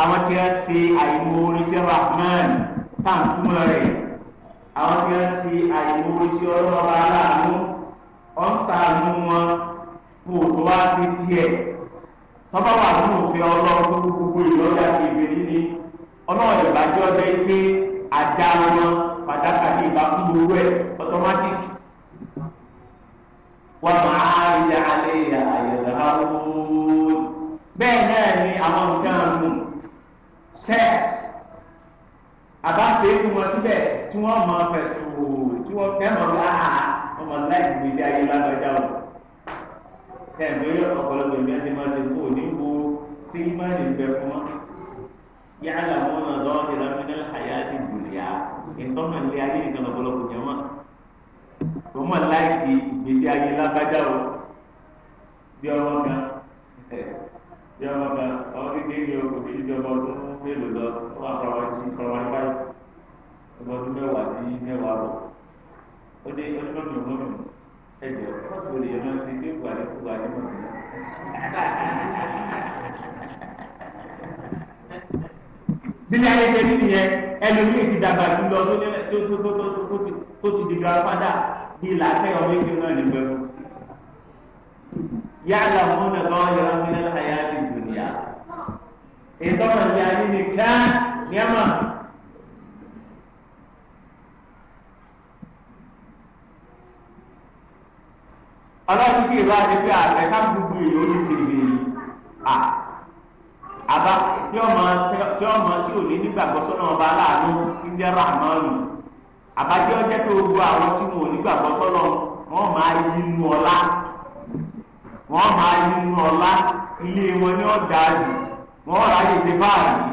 àwọn tí wọ́n ṣe àìmọ̀ọ́rẹ́ sí rahman táǹtúmọ̀ rẹ̀ àwọn tí wọ́n ṣe àìmọ̀ọ́rẹ́ sí ọlọ́mọba aláàánú ọ̀sánú wọn kò tó wá sí tiẹ̀ tọ́ba wà nínú òfin ọlọ́run gbogbo ìlọ́jà kébèrè ní ọlọ́run ìbájọ́ jẹ́ pé àdá wọn pàtàkì ní ìbámu owó ẹ̀ automatic wà máa rí alẹ́ àyẹ̀dá bẹ́ẹ̀ náà ni àwọn nǹkan mú steps àbáṣe fún wọn síbẹ̀ tí wọ́n mọ pẹ̀tù tí wọ́n fẹ́ mọ̀ láà wọ́n mọ̀ láì gbèsè ayé lágbájá o tẹ̀ ń gbé ọ̀pọ̀lọpọ̀ ìgbésẹ̀ máa ṣe kó o ní wo sí ìmáàlì fún wọn yàrá wọn náà lọ́wọ́ ti lọ́wọ́ ní àyà ti dùnìyà ìtọ́nà ilé ayé nìkan lọ́pọ̀lọpọ̀ jẹ́ wọn. tó mọ̀ láìsí ìgbésí ayé lágbájá o bí ọmọ kan bí ọmọ kan ọmọ kékeré ni o kò ní ju ọmọ ọdún mélòó lọ ó wà kọ́ra sí kọ́ra wáyé báyìí ọmọ ọdún mẹ́wàá sí mẹ́wàá bọ̀ ó dé ọdún mọ́mí ọmọ mi ẹ̀jọ̀ wọ́n sì náà ṣe tí bílẹ̀ ayẹyẹ ní yẹn ẹlòmíì ti dàgbà jùlọ tó ti tó ti dìgbà padà bí làákẹ́ ọmọ ìgbé náà lè gbẹ̀rù. yálà wọn nà lọ yọrọ mílẹ̀ ayé àti ìdùnnìyà. ìtọ́nà ní ayé nìkan ní ẹ mọ̀. ọlọ́run kì í wá ní pé àgbẹ̀ ká gbogbo ìlú oníkèéjì à. àbá tí ọmọ tí ọmọ tí ò ní nígbàgbọ́ sọ́nà ọba aláàánú tí ń jẹ́ àwọn tí wọn ò nígbàgbọ́ sọ́nà wọn máa yí ọlá wọn máa yí ọlá ilé wọn ní ọ̀dà àjù wọn ráyè ṣe fáàlì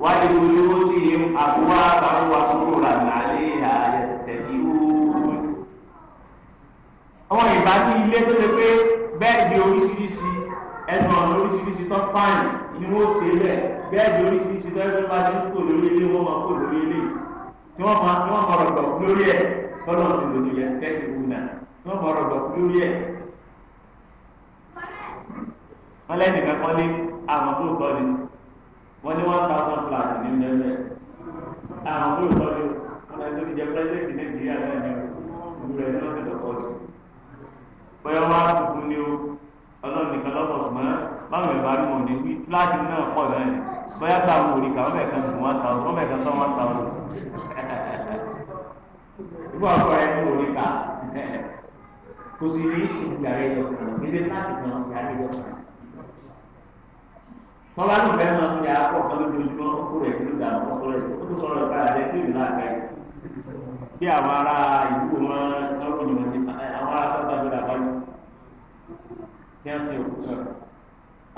wọ́n lè wọlé owó tí àbúwá rà àwọn ìbá ní ilé tó lè pé ẹ̀gbọ́n lóríṣiríṣi tó fáìn ni wọ́n ṣe lẹ̀ bẹ́ẹ̀dì oríṣiríṣi tó ẹgbẹ́ bá ti ń kó lórí ilé wọ́n máa kó lórí ilé tí wọ́n máa tí wọ́n máa rọ̀gbọ̀ lórí ẹ̀ tọ́lọ̀ ti lòdì yẹn tẹ́lẹ̀ wù náà tí wọ́n máa rọ̀gbọ̀ lórí ẹ̀. wọ́n lẹ́nu kankan lé àmọ́ tó tọ́ ni wọ́n ní one thousand flat ní mẹ́lẹ̀ àmọ́ tó tọ́ ni wọ́n lẹ́nu tó ti jẹ pẹ́sẹ́ntì nàìjíríà náà ni wọ́n rẹ̀ lọ́sẹ̀ lọ́kọ́ sí. bóyá wọ́n á tuntun ní o ọlọ́run nìkan lọ́pọ̀ ṣùgbọ́n báwọn ẹ̀bá rí wọn ní wí fúláàtì náà pọ̀ náà ni bóyá táwọn orí kà wọ́n mẹ̀kan dùn one thousand wọ́n mẹ̀kan sọ́n one thousand ìgbà ọkọ rẹ ní orí kà kò sì rí ìgbà rẹ yọ kàn ní ilé fúláàtì kan ìgbà rẹ yọ kàn. wọ́n bá lùbẹ́ náà sí ya pọ̀ kan lójoojúmọ́ kó rẹ̀ sí lùdà ọkọ rẹ̀ ó tó sọ̀rọ̀ ìgbà rẹ̀ tí ìlú àgbẹ̀ tí a sì òkúta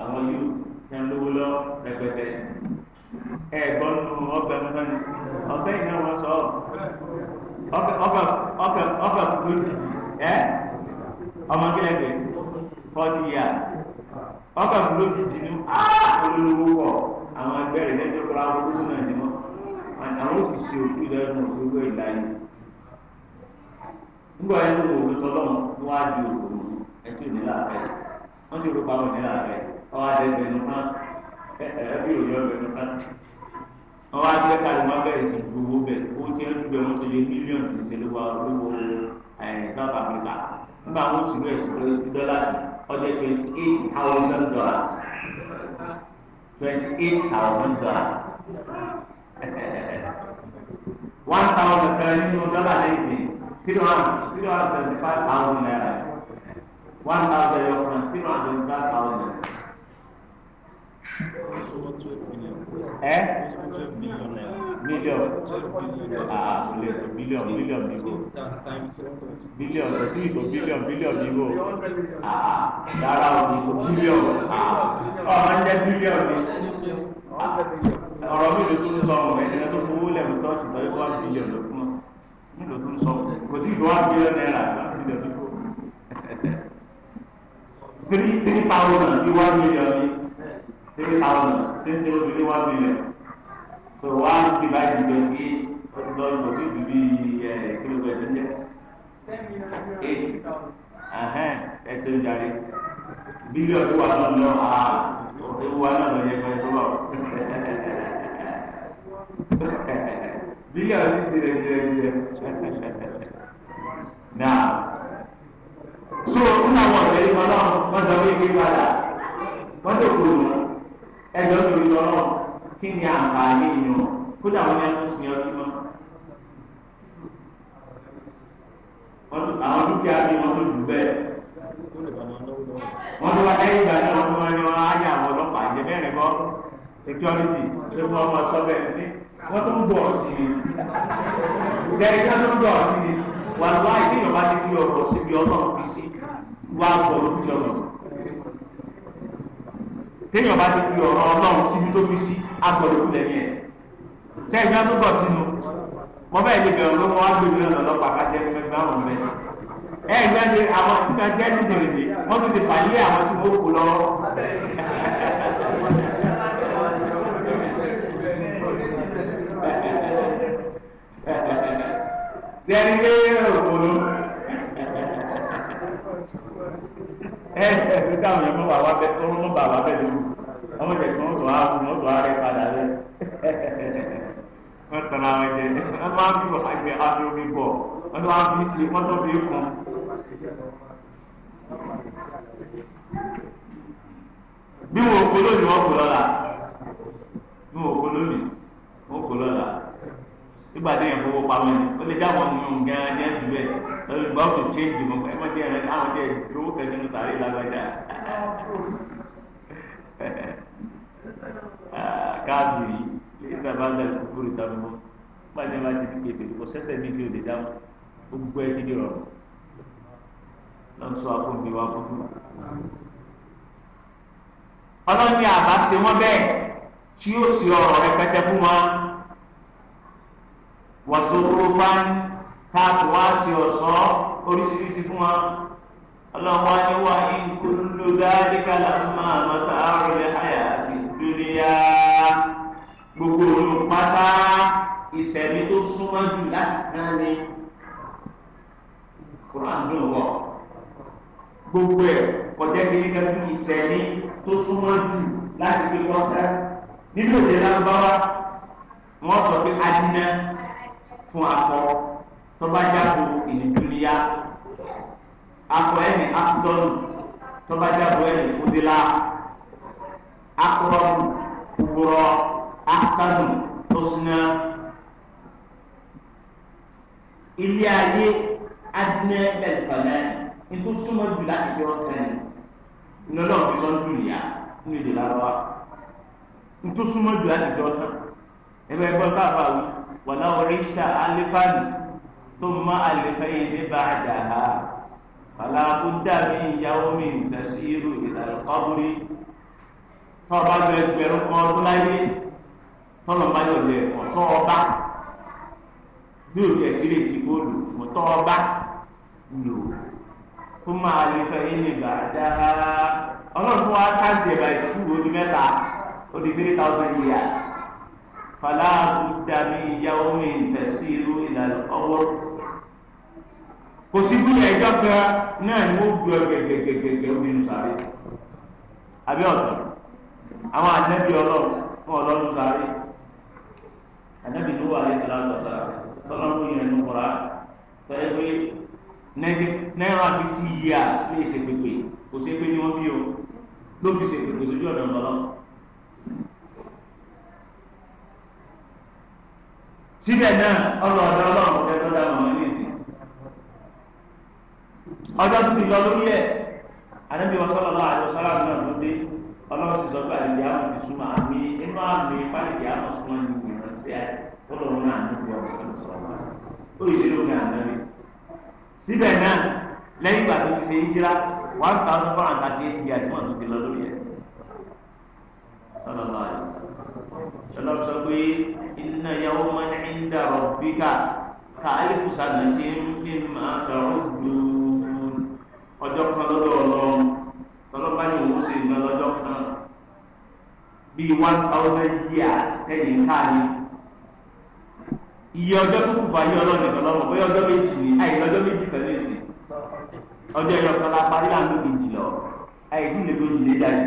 àwọn yóò tí a lówó lọ rẹpẹtẹ ẹ gbọ́ ọ̀sẹ̀ yìí náà wọ́n sọ kúkú ẹ ọmọ kúkú jìjì olólùwò àwọn ẹgbẹ́ rẹ̀ lẹ́jọ́ náà ni àwọn òkú lẹ́nu òṣogbo ìlànà nígbà yẹn ló wò ó tọ́lọ́mù wá wọ́n sì rúpa wọn nílà rẹ̀ ọwọ́ adé bẹnu kan ẹbí òye ọbẹnu kan ọwọ́ adé sàlùmọ́ bẹ̀rẹ̀ sí gbogbo bẹ̀ owó tí wọ́n dúpẹ́ wọn ti lé mílíọ̀nù tí ìṣẹ̀lẹ̀ wà lówó South Africa nígbà wọn sì lọ ẹ̀sùn dọ́là sí ọjọ́ twenty eight thousand dollars twenty eight thousand dollars one thousand kan nínú dọ́là lẹ́yìn sí three hundred three hundred seventy five thousand naira one thousand yọ kan three hundred and five thousand. ẹ million ah million, million bibo Million, ọtí million, million billion bibo ah dára òní ìbò Million. ah ọmọ ń jẹ billion ni ọ̀rọ̀ mi ló tún sọ ọ̀rọ̀ ẹni tó fowó lẹ́mú tọ́ọ̀tì tọ́jú one billion ló fún ọ mi ló tún sọ kò tí ì bọ́ one billion naira three three thousand bí one million ni three thousand three zero three one million so one divide by twenty eh, eight dollars for two to be ẹ kilo by twenty eight ẹtì ń darí bílíọ̀nù tí wà náà lọ ewu wa náà lọ yẹ pé tó lọ bílíọ̀nù sì tirẹ̀ tirẹ̀ tirẹ̀ náà so nínú àwọn ọ̀rẹ́ yìí wọn náà wọ́n dánwó igi padà wọ́n tó kúrò wọn ẹgbẹ́ yọ náà kí ni àǹfààní yìí wọn kódà wọn yẹn tún sin ọtí mọ́ àwọn dúkìá bíi wọn tó dùn bẹ́ẹ̀ wọ́n tó wá lẹ́yìn ìgbà náà wọ́n tó wá ní wọn àwọn ọlọ́pàá jẹ mẹ́rin kọ́ security ṣé wọ́n ọmọ sọ́bẹ̀ ní wọ́n tó ń bọ̀ sí i lẹ́yìn tó ń bọ̀ sí i wàlúwà ìdíyàn bá ti di ọ̀rọ̀ síbi ọlọ́run fi sí wá gbọ́ lójú ọ̀nà téèyàn bá ti fi ọ̀rọ̀ ọlọ́run síbi tó fi sí agbọ̀dọ̀ kulẹ̀ yẹn sẹ́yìn bí wọ́n tó bọ̀ sínú mọ bẹ́ẹ̀ lè bẹ̀rù lọ́wọ́ wá gbé mílíọ̀nù ọlọ́pàá kájẹ́ fún ẹgbẹ́ àwọn ọmọ ẹ̀ ẹ̀ gbẹ́dẹ àwọn tí wọ́n jẹ́ nítorí dé wọ́n tún lè fàyè àwọn tí wọ́n kú lọ́wọ́. Dẹ́rẹ́ òkòló. ẹ ẹ fi mọ bàbá bẹ tó mọ bàbá bẹ ọmọ jẹ kí wọn tó wọn tó padà wọn jẹ máa àgbẹ wọn tó wọn tó kún. bí wọn kó lónìí wọn kó bí wọn kó lónìí wọn kó nígbà tí èèyàn fowó pamọ́ ni ó lè dáwọn ọmọ òun gan-an jẹ́ jù bẹ́ẹ̀ lọ́dún ìgbà òtún ṣe jù mọ́ ẹ mọ́tí ẹ̀rọ àwọn jẹ́ owó kẹ́kẹ́ ní sàárè lágbájá. Ah, káàbù yìí lè sábà ń dàgbà kúrò ìtàkùn mọ́ nígbà tí wọ́n ti dìde ìbèrè kò sẹ́sẹ̀ mi kí o lè dáwọn gbogbo ẹ ti di rọrùn lọ́n sọ akóńbi wa kó fún wa. ọlọ́ni àbá ṣe wọ́n bẹ́ẹ̀ tí yóò ṣe ọ̀rọ̀ rẹpẹtẹ fún wọn wàsóró bá ń ta kò wá sí ọ̀sán oríṣiríṣi fún wa ọlọ́wọ́ ni wà ní kúlú dáríkà lámà mọ́tà àrùlé àyà àti dúníyà gbogbo olùpátá ìsẹ̀mí tó súnmọ́ jù láti kán ni kuran dùn wọ̀ gbogbo ẹ̀ kọjá kiri kan bí ìsẹ̀mí tó súnmọ́ jù láti fi kọ́ńtà nínú ìdílé lágbára wọ́n sọ pé adínà fún akọ tọba jábọ ìnìdúnìyà akọ ẹni akutọnu tọba jábọ ẹni kudila akọrọnu kúkúrọ asanu tosuna ilé ayé adinẹ bẹlifalẹ ètò súnmọ́ jù láti jọ tẹn nílò ìfisọ́n dúnìyà nínú ìdílé alọ́wà ètò súnmọ́ jù láti jọ tẹn ẹ bẹ gbọ́ ولو عشت ألفا ثم ألفين بعدها فلا بد من يوم تسير إلى القبر tọ́ọ̀bá jọ ẹgbẹ̀rún kan ọdún láyé tọ́lọ̀bá yọ̀ jẹ ọ̀tọ́ ọba bí o jẹ sílẹ̀ tí kò lò ọ̀tọ́ ọba lò fún máa lè fẹ́ yín nígbà dáa ọlọ́run fún wa ká sí ẹ̀bà ìtúwò ní mẹ́ta ó di three thousand years. فلا بد من يوم تسير الى القبر kò sí bí ẹjọ́ kan náà ni wọ́n gbé ọ gẹ́gẹ́gẹ́gẹ́ nínú sáré àbí àwọn ànábì ọlọ́run fún ọlọ́run sáré ànábì tó wà ní ìsìlámù ọ̀sára tọ́lọ́run yẹn nù kọ́ra tọ́lẹ́ náírà fifty years lè ṣe pépè ni wọ́n bí o ló fi ṣe sójú ọ̀dọ̀ ọ̀dọ̀ síbẹ̀ náà ọlọ́ọ̀dọ́ ọlọ́run kò tẹ́tọ́ dáná wọn ní ìsìn ọjọ́ tó ti lọ lórí ẹ̀ ànábi wọn sọ́lọ́ lọ́wọ́ àjọ sọ́lá náà ló dé ọlọ́run sì sọ pé àlejò àwọn ti súnmọ́ àmì inú àmì pálíkì àwọn súnmọ́ ní ìwé ránṣẹ́ ọlọ́run náà ní ìwé ọ̀rọ̀ tó sọ̀rọ̀ wọn ó yìí ṣe lóògùn ànábi síbẹ̀ náà lẹ́yìn ìgbà tó ti ṣe hijira one thousand four hundred thirty eight years wọn ti lọ lórí ẹ̀ sọ́lọ́ lọ́wọ́ àjọ عند ربك كألف سنة مما تعدون ọjọ́ kan lọ́dọ̀ ọlọ́run tọ́lọ́pàá ní òun sì lọ lọ́jọ́ kan bíi one years ẹ̀yìn káàní iye ọjọ́ tó kù fàyè ọlọ́run nìkan lọ́wọ́ bóyá ọjọ́ méjì ni àyè lọ́jọ́ méjì kan lè sè ọjọ́ ẹ̀yọ kan la parí láàánú kejì lọ àyè tí nìkan jù lé dájú.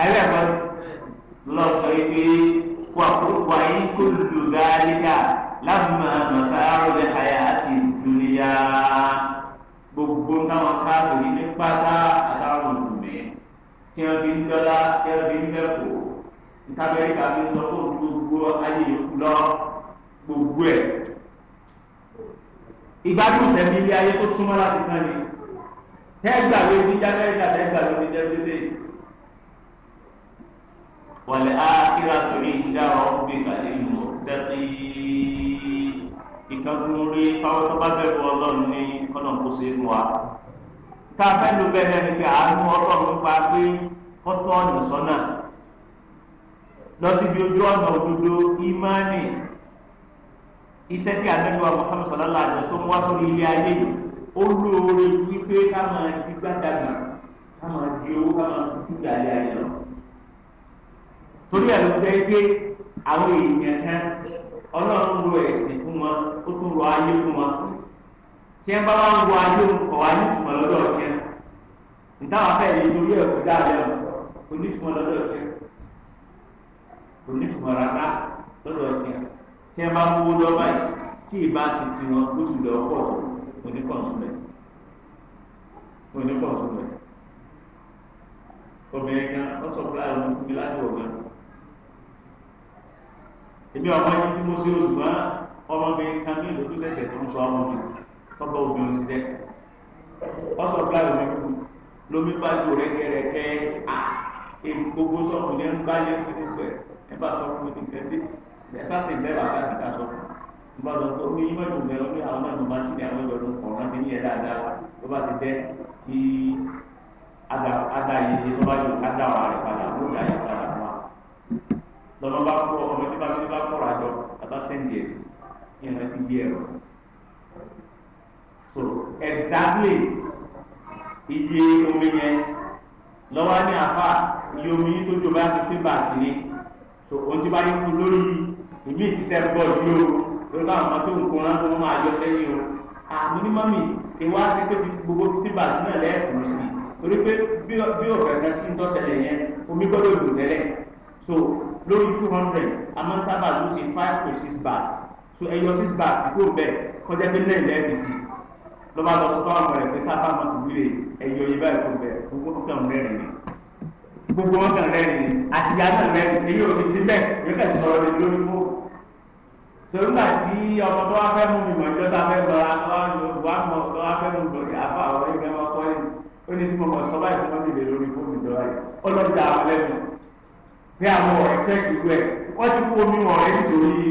àyè ẹ̀kọ́ lọ́ọ̀ sọ yìí pé. وإن كل ذلك لما متاع الحياة الدنيا gbogbo náwọn káàkiri ní pátá àtàwọn ọ̀dùnmí tí wọn fi ń dọ́là tí wọn fi ń bẹ̀kọ́ ntàbẹ́ríkà fi ń sọ fún gbogbo ayé yòókù lọ gbogbo ẹ̀. ìgbádùn sẹ́mi ilé ayé tó súnmọ́ láti kán ni tẹ́gbàwé ní jákèjá tẹ́gbàwé wàlẹ̀ ákírà torí ìdára ọ̀gbìn kàlẹ́ ìmọ̀ tẹ́tí ìkàkùn orí káwọn tó bá bẹ̀rù ọlọ́run ní kọ́nà kó ṣe fún wa. tá a fẹ́ ló bẹ́ẹ̀ ni pé àánú ọlọ́run nípa pé fọ́tọ́ ọ̀nà sọ́nà lọ síbi ojú ọ̀nà òdodo ìmánì iṣẹ́ tí àtẹ́gbẹ́ wa Muhammad tó ń wá sórí ilé ayé yìí ó lóore wípé ká máa di gbàdàgbà ká máa di owó ká máa dúdú dàlẹ́ torí ẹ̀ ló jẹ́ pé àwọn èèyàn kan ọlọ́run lo ẹ̀sìn fún wọn ó tún lo ayé fún wọn tí ẹ bá wá ń wo ayé òǹkọ̀ ayé ìtumọ̀ lọ́dọ̀ tí ẹ ntáwọn afẹ́ yìí torí ẹ̀ kú dáadẹ́ o onítùmọ̀ lọ́dọ̀ tí ẹ onítùmọ̀ rárá lọ́dọ̀ tí ẹ tí ẹ bá ń wo lọ́wọ́ yìí tí ì bá sì ti wọn ó ti lọ pọ̀ oníkọ̀ọ̀sùnmẹ̀ oníkọ̀ọ̀sùnmẹ̀ obìnrin kan ó sọ fúláwọ̀ fún mi láti wọ̀ gan-an èmi ọmọ yìí tí mo ṣe òṣùgbọ́n ọmọbìnrin kan ní ìlú tó ṣẹ̀ṣẹ̀ tó ń sọ ọmọ mi tọ́gbọ́ obìnrin sí dẹ́ ọ̀sọ̀ fúláì omi kú lomi bá ju rẹ́kẹ́rẹ́kẹ́ à èmi gbogbo sọ̀rọ̀ ní ẹnu bá yẹ ti gbogbo ẹ̀ ẹ bá sọ fún mi ní kẹ́ndé ẹ sáté bẹ́ẹ̀ bàbá mi ká sọ fún mi bá lọ tó ní mẹ́jọ mẹ́rin ní àwọn mẹ́jọ máa ń ṣe àwọn ìjọdún kọ̀ọ̀rán mi ní ẹ̀ dáadáa ló bá ti dẹ́ kí ada yìí tó bá yọ ká dá wà rẹ̀ padà ló dá yìí lọ́mọ bá kọ́ ọmọ tí bá tí bá kọ́ra jọ about ten years ní ẹ̀rọ ti gbé ẹ̀rọ. so exactly iye omi yẹn lọ́wọ́ ní àfa iye omi yìí tó jọ bá fifteen bars ni so ohun tí bá yẹ kú lórí ìmí ìtìsẹ́ bọ́ọ̀lù yìí o lórí káwọn ọmọ tó ń kó náà tó ń máa yọ sẹ́yìn o àmì ní mọ́mì ìwá sí pé gbogbo fifteen bars náà lẹ́ẹ̀kú sí i torí pé bí ọ̀fẹ́ kan sí ń tọ́sẹ̀lẹ̀ yẹn omi gbọ́dọ̀ lù tẹ́lẹ̀ so lórí two hundred a máa ń sábà ló ṣe five to six baht so ẹyọ six baht kó bẹ́ẹ̀ kọjá pé náà lẹ́ẹ̀mí sí lọ́ba lọ sọ́kọ́ àwọn ọ̀rẹ́ pé káfá máa tún wílé ẹyọ yìí báyìí kó bẹ́ẹ̀ gbogbo wọn kàn rẹ́rìn ni gbogbo wọn kàn rẹ́rìn ni àti ìyá náà rẹ́rìn ni èyí ò sì ti bẹ́ẹ̀ yóò kàn sọ̀rọ̀ lé lórí fún sọ̀rọ̀ nígbà tí ọmọ tó wá fẹ́ mú mi mọ̀ ìjọba fẹ́ lọ wá mọ̀ tó wá fẹ́ mú mi lọ àfa àwọn ẹgbẹ́ wọn kọ́ ẹ̀ ó pé àwọn ọ̀rẹ́ fẹ́ẹ̀tì ìlú ẹ̀ wọ́n ti kú omi wọn ọ̀rẹ́ nítorí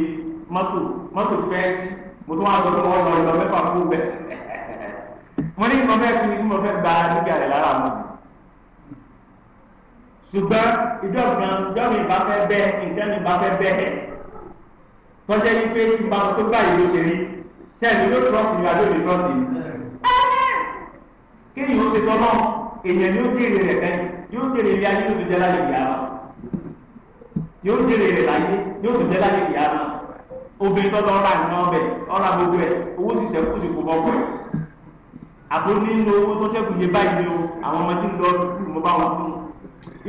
mọ́tò mọ́tò fẹ́ sí mo tún wá sọ pé wọ́n lọ ìlọ mẹ́fà kú bẹ́ mo ní nǹkan bẹ́ẹ̀ fún mi kí mo fẹ́ gba dúkìá rẹ̀ lára àwọn ọ̀sìn ṣùgbọ́n ìjọ kan ìjọ mi bá fẹ́ bẹ́ẹ̀ nǹkan mi bá fẹ́ bẹ́ẹ̀ tọ́jú ẹni pé tí bá tó gbà yìí ló ṣe rí sẹ́ẹ̀ni ló trọ́ọ̀tì ní adó mi trọ́ọ̀tì ní. kéèyàn ó ṣe tọ́lọ́ èèyàn ni kéré rẹ̀ fẹ́ yóò kéré ilé ayé tó jẹ́ láyé ìyá wa yóò jèrè rẹ̀ láyé yóò tún jẹ́ láyé ìyá náà obìnrin tó lọ ra nǹkan ọbẹ̀ ọ̀ra gbogbo ẹ̀ owó sì sẹ́kù sì kó bọ́kọ̀ ẹ̀ àbó nínú owó tó sẹ́kù yé báyìí ni o àwọn ọmọ tí ń lọ sùkúlù mo bá wọn fún un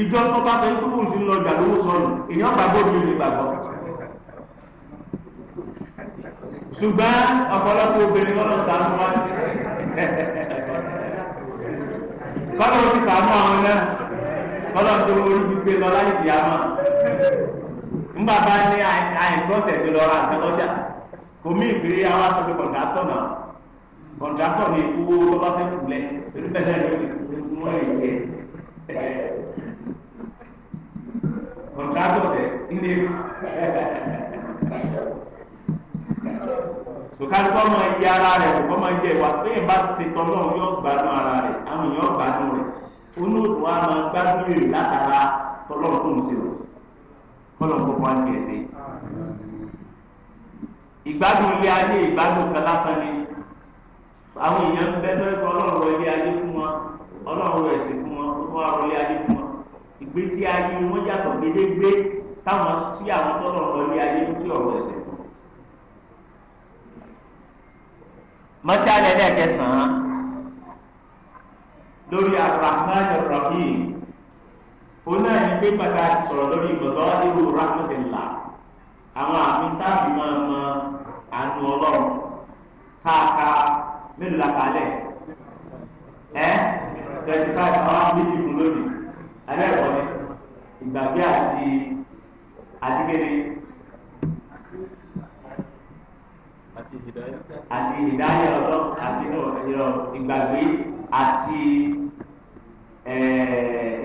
ìjọ tó bá sọ ikú bùn ti ń lọ jà lówó sọnù èèyàn gbàgbọ́ mi ò lè gbàgbọ́ ṣùgbọ́n ọ̀pọ̀lọpọ̀ obìnrin wọn lọ sàánú wa kọ́lọ́ sì sàánú àwọn náà kọ́lọ́n tó orí gbígbé lọ láì fi àmọ́ nígbà bá ní àìtọ́sẹ̀ tó lọ ra nǹkan lọ́jà kò mí ìgbéré àwọn aṣojú kọ̀ǹdátọ̀ náà kọ̀ǹdátọ̀ ní ìkówó tó bá sẹ́kù lẹ̀ torí bẹ́ẹ̀ náà ló ti kú mọ́ ìjẹ kọ̀ǹdátọ̀ tẹ̀ ilé sùkàtí kọ́ máa yí ara rẹ̀ kọ́ máa jẹ ìwà pé ìbá ṣe tọ́lọ́ yóò gbádùn ara rẹ̀ àwọn èèyàn gbádùn rẹ̀ olóòtú wa máa gbádùn èrè látara tọlọ́run tó ń ṣe o kọlọ̀ kó fún àti ẹ̀sẹ̀. ìgbádùn ilé ayé ìgbádùn kan lásán ni àwọn èèyàn bẹ́ẹ̀ tó ń kọ́ ọlọ́run rọ ilé ayé fún wọn ọlọ́run rọ ẹ̀sìn fún wọn ó wá rọ ilé ayé fún wọn ìgbésí ayé wọn yàtọ̀ gédégbé táwọn sí àwọn tọ́lọ̀ rọ ilé ayé fún tí ọ̀rọ̀ ẹ̀sìn fún. mọ́sálẹ̀ lẹ́ẹ̀kẹsàn-án lórí Ar-Rahman Ar-Rahim òun náà ní pé pàtàkì sọ̀rọ̀ lórí ìgbọ̀dọ̀ irú rahmatillah àwọn àmì táàbì máa mọ àánú ọlọ́run káàká mélòó la kàálẹ̀ ẹ́ tẹ̀sí káàkiri àwọn méjì fún lónìí alẹ́ ìwọlé ìgbàgbé àti àtikẹ́lẹ́. àti hidayah ọlọ́ àti ìgbàgbé àti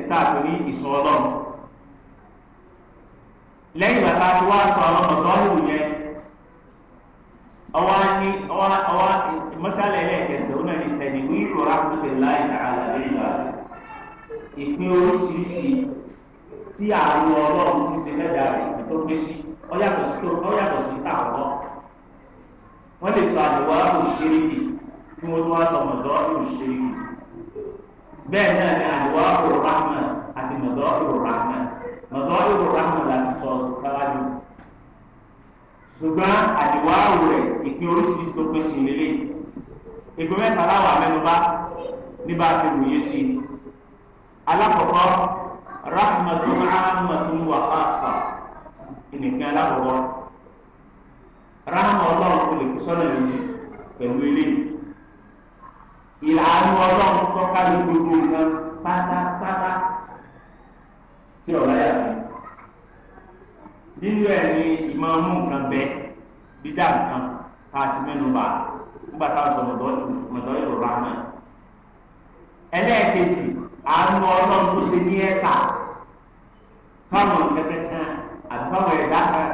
ìtàkù ní ìsọ ọlọ́run lẹ́yìn bàtà tí wọ́n á sọ àwọn ọmọ tó ń yẹ ni? ní ọwọ́ mọ́sálẹ̀ ẹlẹ́ẹ̀kẹsẹ̀ ó náà ní tẹ̀lé wí rọra kúté láì nàá lẹ́yìn bàtà ìpín oríṣiríṣi tí àwọn ọlọ́run ti ṣe lẹ́dàá rẹ̀ tó gbé sí ọ yàtọ̀ sí tó ọ yàtọ̀ sí tàwọn náà wọ́n lè sọ àdìwá òṣèlú kí wọ́n tún wá sọ mọ̀dọ́ òṣèlú bẹ́ẹ̀ náà ni àdìwá òrànmà àti mọ̀dọ́ òrànmà mọ̀dọ́ òrànmà láti sọ sáwájú ṣùgbọ́n àdìwá rẹ̀ ìpín oríṣiríṣi tó pín sí ìpín mẹ́ta láwọn amẹ́nubá ní bá a ṣe wòye sí i alákọ̀ọ́kọ́ rahmatulahamatulawa asa ìnìkan alákọ̀ọ́kọ́ rahama ọlọ́run kò lè kó sọ́nà méjì pẹ̀lú eléyìí ìlànà ọlọ́run tó kárí gbogbo nǹkan pátápátá tí ọ̀la yà mí nínú ẹ̀ ní ìmọ̀ mú nǹkan bẹ dídá nǹkan tá a ti mẹ́nu bá nígbà tá a sọ mọ̀dọ́ ìrora náà ẹlẹ́ẹ̀kejì àánú ọlọ́run tó ṣe ní ẹ̀sà fáwọn kẹ̀kẹ́ kan àti fáwọn ẹ̀dá kan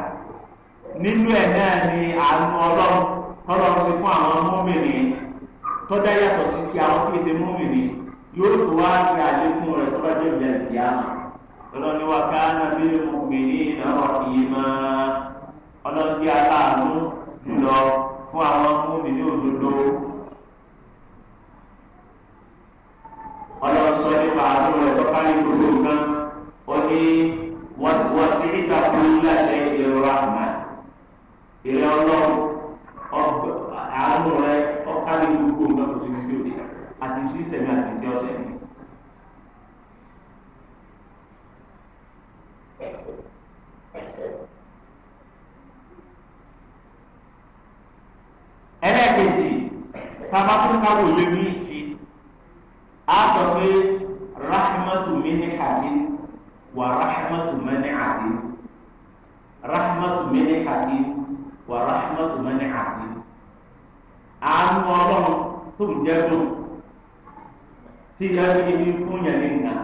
nínú ẹ̀ náà ni àánú ọlọ́run tọ́lọ́run ṣe fún àwọn mọ́mìnì tó dá yàtọ̀ sí ti àwọn tí kì í ṣe mọ́mìnì yóò tó wá ṣe àlékún rẹ̀ tó bá jẹ́ ìjà ìyá ọlọ́ni wa ká nàbí mọ́mìnì náà ìyèmá ọlọ́dí aláàánú jùlọ fún àwọn mọ́mìnì òdodo. ọlọ́sọ nípa àánú rẹ̀ tó kárí gbogbo nǹkan ó ní wọ́n sì rí ìtàkùn ńlá ṣe ìrora àmà ìrẹ́ ọlọ́run àánú rẹ ọ̀kárí gbogbo nǹkan kò sí ní bíòdì àti tí ìsẹ̀mí àti tí ọ̀sẹ̀ mi. ẹlẹ́ẹ̀kejì tábà fún káwọ́ òye ní ìfi á sọ pé rahmatu mini hadi wa rahmatu mani hadi rahmatu mini hadi wà rahmatu mani àti àánú ọlọ́run tó ń jẹ́ dùn tí yẹn fi ní fún yẹn ní nǹkan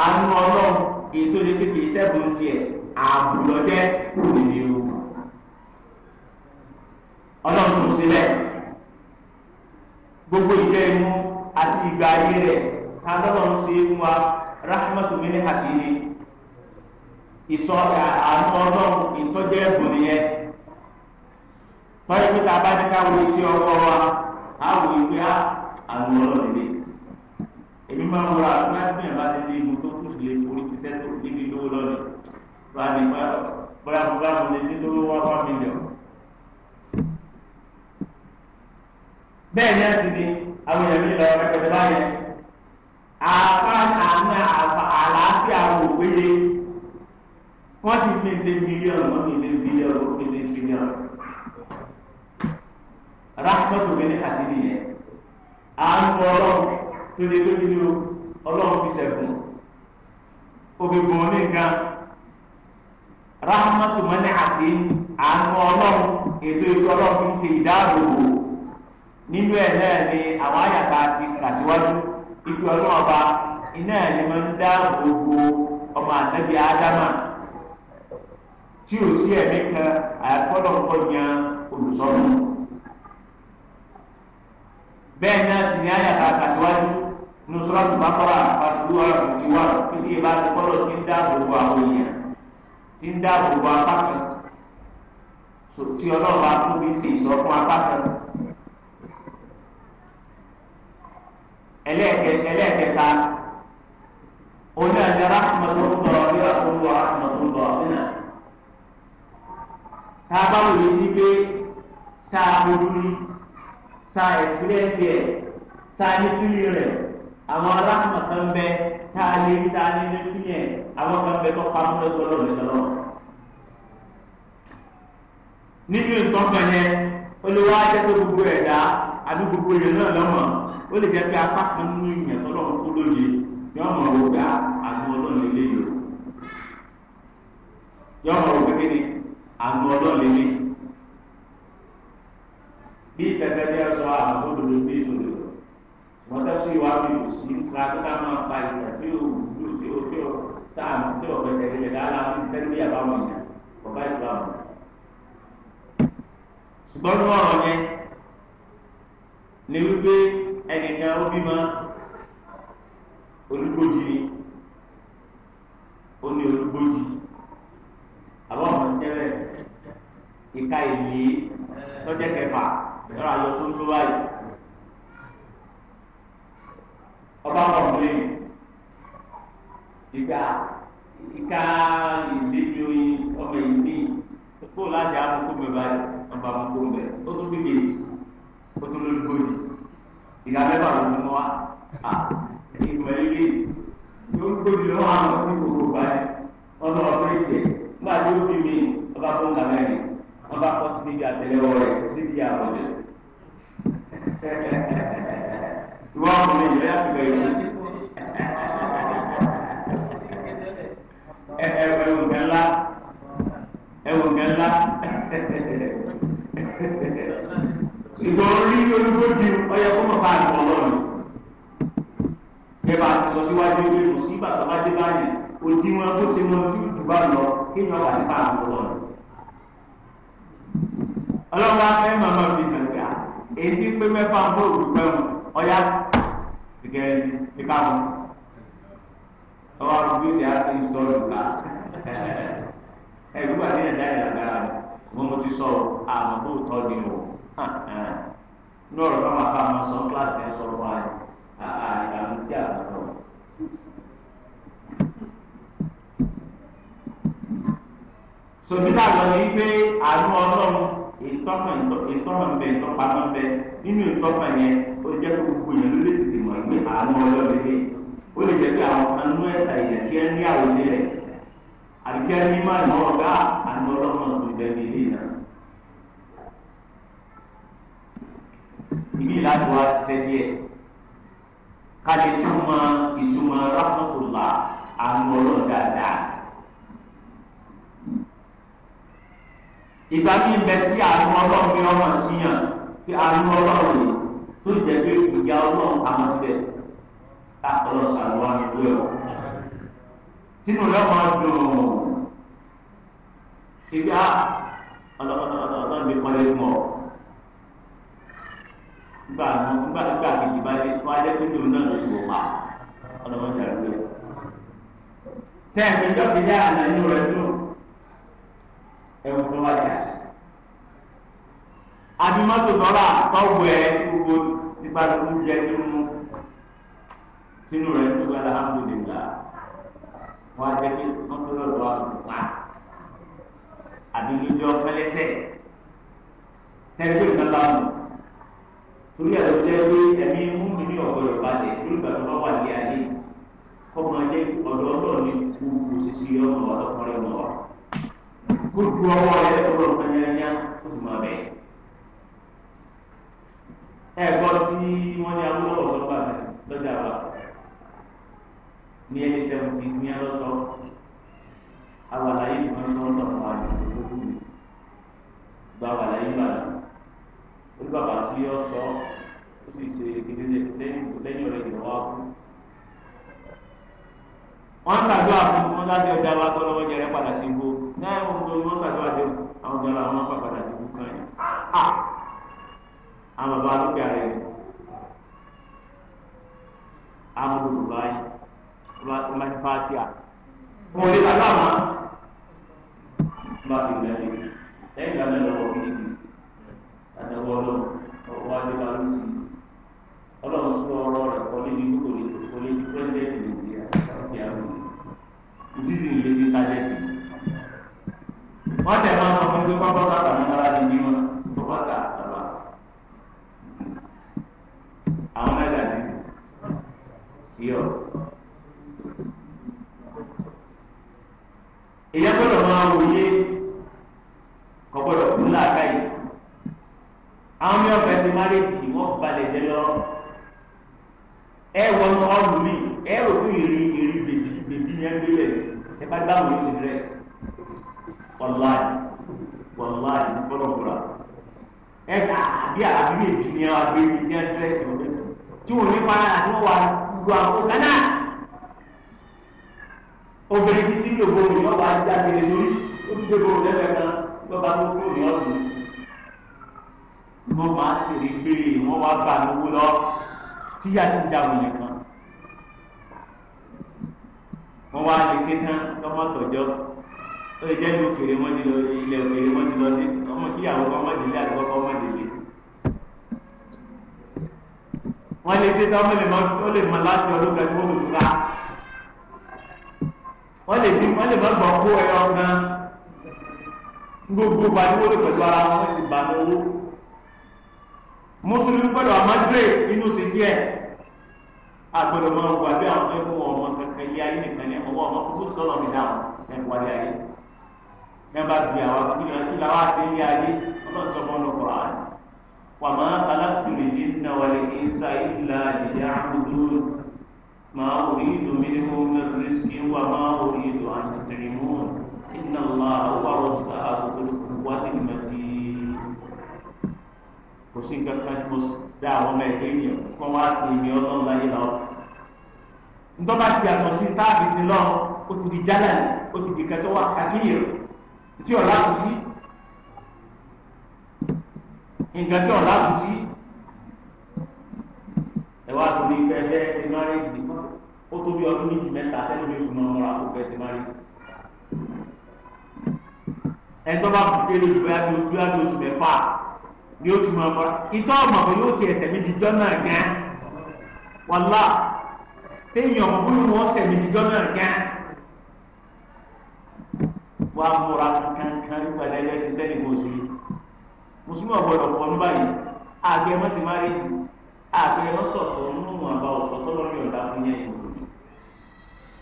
àánú ọlọ́run ètò lè pépè sẹ́gun tiẹ̀ àbùlọ́jẹ́ kò ní ní o ọlọ́run tó ń sílẹ̀ gbogbo ìjẹ́ imú àti ìgbà ayé rẹ̀ ká lọ́lọ́run ṣe é fún wa rahmatu mani àti ìsọ àánú ọlọ́run ìtọ́jẹ́ ẹ̀bùn nìyẹn tọ́jú pé tá a bá ti ká wo iṣẹ́ ọkọ wa á wò ó pé á àwọn ọlọ́ọ̀dẹ́lẹ́ èmi máa ń wọra àti láti bẹ̀rẹ̀ bá ṣe dé ibu tó kù lè forí ṣiṣẹ́ tó níbi lówó lọ́dẹ̀ bá a lè bá bóyá mo bá mo lè ní lówó wá wá mílíọ̀n. bẹ́ẹ̀ ni a sì ni àwọn èèyàn mi lọ rẹpẹtẹ báyẹn àfa àna àlàáfíà òwúye wọ́n sì fi ń dé mílíọ̀nù wọ́n fi ń dé mílíọ̀nù wọ́n fi ń dé tírílíọ̀nù rahmatu bẹni àti nìyẹn àánú ọlọ́run tó lè tó nínú ọlọ́run fi sẹ̀kùn òfin bò ní nǹkan rahmatu bẹni àti àánú ọlọ́run ètò ètò ọlọ́run fi ń ṣe ìdáàbòbò nínú ẹ̀ náà ni àwọn àyàtà àti kàṣíwájú ibi ọlọ́run ọba iná ẹ̀ ni máa ń dáàbòbò ọmọ àtẹ́bí ádámà tí ò sí ẹ̀mí kan àyàtọ̀ ọlọ́run kọ́ yan olùsọ́nù. bẹ́ẹ̀ náà sì ní àyàtà àtàṣíwájú nusra tubakora àdúrà ìjìwà títí ìbá ti kọ́lọ̀ tí ń dáàbò bo àwọn èèyàn tí ń dáàbò bo apá kan tí ọlọ́run bá tún fi ṣe ìsọ kan. ẹlẹ́ẹ̀kẹta tá a experience yẹ tá a ní fílì rẹ àwọn aláàmà kan bẹ tá a lè rí tá a ní ní fílì yẹ àwọn kan bẹ tó pamọ́ lọ́sọ̀ lọ́rùn ní lọ́wọ́. nínú nǹkan kan yẹn olówó ajẹ́ tó gbogbo ẹ̀dá àbí gbogbo èèyàn náà lọ́mọ ó lè jẹ́ pé apá kan nínú ìyẹn fún lóye yọmọ ògá àgbo ọlọ́run lélẹ́yìí yọmọ ògá kéde àgbo ọlọ́run lélẹ́yìí bí tẹ̀tẹ̀tẹ̀ sọ àbúrò bí ìṣòro wọ́n tẹ́ sí ìwà mi ò sí ká tó ká máa pa ìgbà tí ò wúlò tí ò tí ò tá à ń tí ò fẹsẹ̀ nílẹ̀ ká lá fi tẹ́lẹ̀ bí àbáwọn èèyàn ọba ìsìlámù. ṣùgbọ́n ní ọ̀rọ̀ yẹn ni wípé ẹnìkan ó bímọ olùgbòjì ni ó ní olùgbòjì àbọ̀ ọ̀hún jẹ́ ìka ìlì tọ́jẹ́ kẹfà yọrọ àjọ tuntun báyìí ọba kọ̀ọ̀lẹ́ ìgbà ìka ìlébi oyin ọmọ yìí ní kó láti àkókò mi báyìí ọba àkókò mi ó tún bí kejì ó tún lórí bóyì ìgbà mẹ́fà ló mú wa ìgbà ilé yóò gbóbi lọ́wọ́ àwọn oníkòkò báyìí ọlọ́wọ́ pé tiẹ̀ nígbà tí ó bí mi ọba kó ń gbà wọ́n bá kọ́ sí níbi àtẹ́lẹwọ́ rẹ̀ síbi àwọ̀dẹ. ìwọ ọkùnrin yìí lẹ́yìn àtìgbà yìí sí. ẹwù nǹkan ńlá ẹwù nǹkan ńlá ìgbọ̀n rí olúgbòdì ọyẹ fún bàbá àgbọ̀n lọ́rùn. bẹ́ẹ̀ bá a ti sọ síwájú ilé ìwòsàn ìgbà tó bá dé báyìí òdiwọ̀n bó ṣe mọ ojú ìdùbà lọ kéèyàn wà sí báyìí ọlọ́run wá fẹ́ màmá mi kànga ètí pé mẹ́fà ń bò wípé wọn ọ̀yá gẹ̀ẹ́ sí fi káàbọ̀ sí ọwọ́ àdúgbò ṣe àti ìtọ́jú ká ẹ̀rú wà ní ẹ̀dá ìlàgbára rẹ̀ ṣùgbọ́n mo ti sọ àmọ́ tó tọ́ ni o ní ọ̀rọ̀ náà máa bá a máa sọ kíláàsì ẹ̀ sọ̀rọ̀ wa àìlànà tí a lọ sọ. sòmítà lọ ní pé àánú ọlọ́run ìtọ́kàn ìtọ́kàn bẹ ìtọ́pamọ́ bẹ nínú ìtọ́kàn yẹn ó jẹ́ kó gbogbo yẹn ló lè tètè mọ̀ pé àwọn ọlọ́ọ̀lẹ́ ó lè jẹ́ pé àwọn kan nú ẹ̀sà ìyẹn tí ẹ ní àwòlé rẹ̀ àti ẹ ní máa náà ọ̀gá àná ọlọ́mọ tó bẹ ní ilé náà. ìbí láti wá ṣiṣẹ́ díẹ̀ ká lè túmọ̀ ìtumọ̀ rákùnkùnlá àánú ọlọ́ọ̀ dáadáa. ìgbà mi bẹ tí àánú ọlọ́run bí ọmọ sí yàn kí àánú ọlọ́run yìí tó jẹ́ pé ìyá ọlọ́run kà mọ́ síbẹ̀ ká ọlọ́ sàlùwà ní ìlú ẹ̀wọ̀. sínú lọ́mọ dùn kíkí á ọlọ́run mi pọ́n lé fún ọ. nígbà nígbà nígbà kejì bá dé wọ́n á jẹ́ pé tòun náà ló ti wò pa ọlọ́run jà lóye. sẹ́yìn ìjọba ìyá àná inú rẹ̀ dùn ẹ̀wọ̀n tó wá yà sí. àdìmọ́tò dọ́là tọ́wọ́ ẹ gbogbo nípa tó ń jẹ tó mú sínú rẹ̀ tó gbàdá hàmúdìlá wọ́n á jẹ́ kí mọ́tò lọ́dọ̀ wà lọ́pàá àbí lójó fẹ́lẹ́sẹ̀ sẹ́ńtì ìgbàlá ọ̀nà torí ẹ̀ ló jẹ́ pé ẹ̀mí mú mi ní ọ̀gọ́dọ̀ balẹ̀ lórí ìgbàlá wọn wà ní ayé kọ́mọ jẹ́ ọ̀dọ́ ọlọ́ọ̀ni kú kò sì sí ọ̀nà ọlọ́kùnrin wọn kó ju ọwọ́ rẹ lọ́wọ́ kanyanya kó tó máa bẹ̀. ẹ gbọ́ tí wọ́n ní awúrọ̀ lọ́gbà lọ́jà wa ní ẹni sẹ́wọ̀ntì ní ẹ lọ́sọ̀ àwọn àlàyé ìfọ̀n ní wọ́n tọ̀kọ̀ wá ní ìlú gba wà láyé gbà náà ó ní bàbá tí yọ sọ ó sì ṣe kedere lẹ́yìn lẹ́yìn ọ̀rẹ́ ìdìbò wa kú wọ́n ṣàdúrà fún wọn láti ọjà wa tọ́lọ́wọ́ jẹrẹ padà sí i náà wọn tó wọn ṣàdúrà dé àwọn gbọ́dọ̀ àwọn pàpàdà ti kú kan yẹn. Ah! Ah! àwọn bàbá dúkìá rẹ já gbèrè lórí ó ti dé bòrò lẹ́fẹ̀ẹ́ kan lọ́ba tó kúrò ní ọ̀dùn. wọ́n máa ṣèlè gbé wọ́n wá bá lówó lọ tíyà sì ń dá wọn yẹn kan. wọ́n wá lè ṣe tán lọ́mọ tọ̀jọ́ ó lè jẹ́ ìlú òkèèrè wọn ti lọ ilẹ̀ òkèèrè wọn di lọ sí ọmọ kíyàwó ọmọdélé àdúgbò ọmọdélé. wọ́n lè ṣe tán ó lè mọ láti ọdún kan tó lù ká wọ́n lè bí wọ́n lè má gbọ́ kó ẹyọ gan gbogbo gbajúmọ̀ lè pẹ̀lú ara wọn sì bá ní owó mùsùlùmí pẹ̀lú àmàdúrè inú ṣíṣí ẹ̀ agbọ́dọ̀ máa wà bí àwọn ẹ̀kọ́ ọmọ kankan yé ayé nìkan ní ọwọ́ ọmọ kókó tó lọ́ọ́ mi dáhùn ẹ̀kọ́ ayé ayé nígbà bí àwọn akéwì àti làwọn àṣẹ yé ayé ọlọ́run bọ́ lọ́kọ̀ rà wà máa khalaqtu al-jinna wal-insa ما أريد منهم من رزق وما أريد أن يطعمون إن الله هو الرزاق ذو القوة المتين kò sí nǹkan kan tí mo dá àwọn ọmọ ẹgbẹ́ ènìyàn kó wá sí ibi ọlọ́run láyé lọ. ntọ́ba ti yàtọ̀ sí táàbì sí ti di jálẹ̀ ó ti di kẹtọ́ wá kàkíyè tí ọ̀la kù sí nǹkan tí ọ̀la kù sí ti máa ń rìn ó tó bí ọdún méjì mẹ́ta sẹ́ni mi fún ọmọ ọmọ àpò bẹ́ẹ̀ sí máa rí. ẹ̀tọ́ bá kú kéré ju bí ojú àti oṣù mẹ́fà ni ó ti máa mọ́ra ìtọ́ ọmọ kan yóò ti ẹsẹ̀ mi di jọ́ náà gán wàlá téèyàn ọmọ bóyá wọn ọsẹ̀ mi di jọ́ náà gán wà á múra kankan nípa ẹlẹ́sìn bẹ́ẹ̀ ni mo sì rí mùsùlùmí ọ̀gbọ́dọ̀ pọ̀ ní báyìí àgbẹ̀ mọ́sí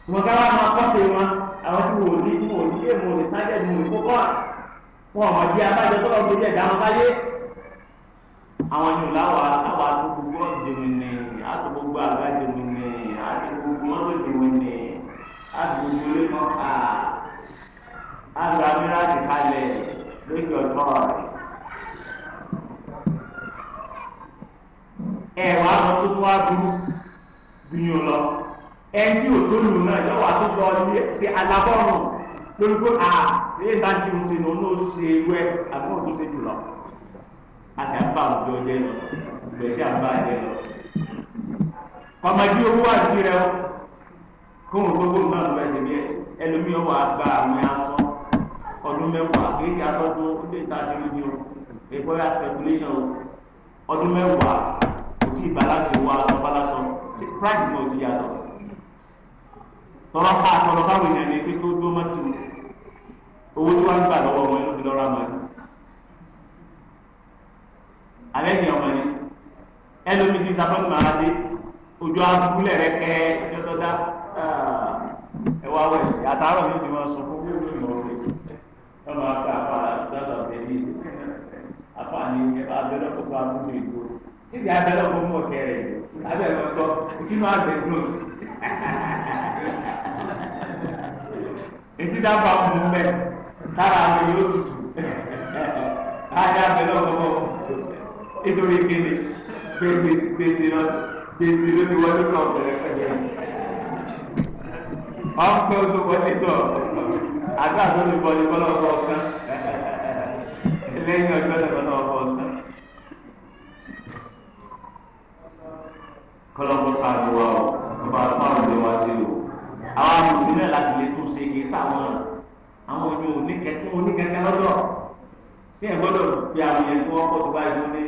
ṣùgbọ́n ká wá máa kọ́sẹ̀ wọn àwọn tí wò ní mò ní lè mò ní sájẹ̀ mò ní kókó wọn ọ̀mọ̀ bí abájọ tó lọ gbé jẹ̀ dáhùn sáyé àwọn yòó láwa láwa tó gbogbo ọ̀dẹ̀mù ni àti gbogbo àgbàdẹ̀mù ni àti gbogbo mọ́tòdẹ̀mù ni àti gbogbo ilé mọ́ka lo. abirá ti kalẹ̀ lókè ọ̀tọ̀ rẹ̀. ẹ̀wà lọ tó tó wá dúró gbìyànjú lọ ẹnjí òtólù náà yóò wá tó lọ ṣe alábọ́ọ̀nù lórí pé a ilé ìta ti ń ṣe lọ́nà ṣe ewé àbí òtún ṣe jùlọ a sì àbá àwùjọ jẹ ìgbẹ́ sí àbá jẹ lọ. ọmọdé owó àti rẹ kó òun gbogbo nǹkan lọ ẹsẹ̀ bí ẹlòmíràn wà gba àwọn aṣọ ọdún mẹ́wàá kì í ṣe aṣọ tó ilé ìta ti rí ni o èkó ya speculation o ọdún mẹ́wàá kò tí ì bàlá ti wọ aṣọ bàlá sọ price náà ti yàtọ̀ tọ́lá pa àtọ́lọ́ báwo yẹn ni pé kó gbó mọ́tò owó tí wọ́n ń gbà lọ́wọ́ wọn ló fi lọ́ra mọ́ ẹ. alẹ́ ni ọmọ yẹn ẹlòmíì ti sábọ́n máa dé ojú abúlé rẹ kẹ́ yọtọ́ dá ah, ẹwà wẹ̀sì àtàárọ̀ ni ó ti máa sọ fún mi lórí ìmọ̀ rẹ̀ ẹ máa ka àpàlà ìdájọ́ tẹ̀lé àpàlà ni ẹ bá abẹ́rẹ́ kó bá mú mi gbó títí abẹ́rẹ́ kó mú ọ̀kẹ́ rẹ̀ abẹ́rẹ́ kó tí máa bẹ̀ gbòòsì. tí dábàá fún un bẹ́ẹ̀ tára àwọn yóò tutù ayé abẹ́lẹ́ ọ̀gbọ́n nítorí kéde pé gbèsè lọ gbèsè ló ti wọlé kọ̀ ọ̀bẹ̀rẹ̀ fẹ́ẹ́ ọ̀pẹ ojú wọlé tọ̀ àgbà tó ní bọ́ọ̀lù bọ́lá ọkọ̀ ọ̀sán lẹ́yìn ọjọ́ lẹ́yìn bọ́lá ọkọ̀ ọ̀sán. kọ́lọ́mù sáà ló wà ó ọba fáwọn ìlú wá sí o àwọn amòfin náà láti lè tó ṣe kì í sáwọn àwọn ojú oníkẹkẹ lọ́dọ̀ tí ẹ gbọ́dọ̀ fi àwọn yẹn kí wọ́n kọ́ tó báyìí wọ́n ní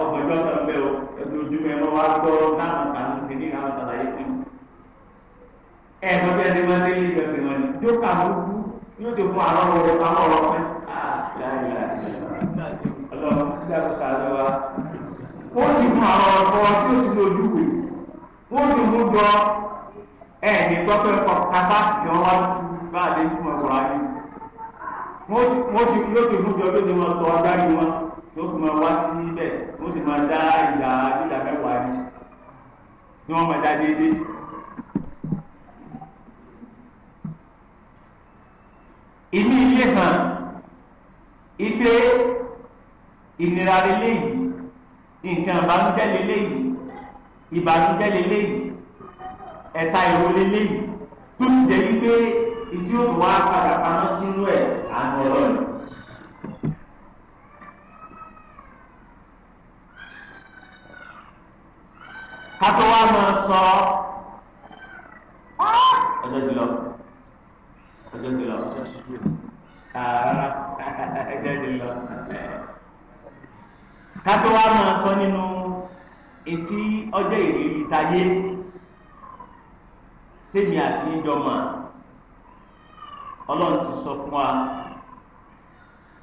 ọgbọ̀njọ́ kan bẹ́ẹ̀ o ẹgbẹ́ ojú mi ẹ̀rọ wa gbọ́ láwọn kan ní ní àwọn àlàyé fún mi. ẹ gbọ́dọ̀ ẹni wọn ní ìjọsìn wọn ni yóò kà ló kú yóò ti fún àwọn ọ̀rọ̀ àwọn ọ̀rọ̀ fún ọlọ́run dàgbà sàlẹ̀ wa wọ́n ti fún àwọn ọ̀rọ̀ fún tí ó sì lójú ẹ ní gbọ́ pé kapásítì wọn wá tu bá a lè túmọ̀ wá ní. wọ́n ti yóò ti mú jọ lóde wọn tọ́ agbárí wọn tó fi máa wá sí ibẹ̀ wọ́n sì máa dá ìlà ìlà mẹ́wàá ní ni wọ́n máa dá déédéé. ìní ilé hàn ipe ìnira lélẹ́yìí nǹkan àbámújẹ́ lélẹ́yìí ìbànújẹ́ lélẹ́yìí ẹ̀ta ìwò lélẹ́yìí tó sì jẹ́ wípé ìdí òkú wa padà paná sínú ẹ̀ àánú ọlọ́run. kátó wa máa sọ ọjọ́ jùlọ ọjọ́ jùlọ ọjọ́ jùlọ kátó wa máa sọ nínú etí ọjọ́ ìrírí tayé tèmi àti ìjọmọ Ọlọ́run ti sọ fún wa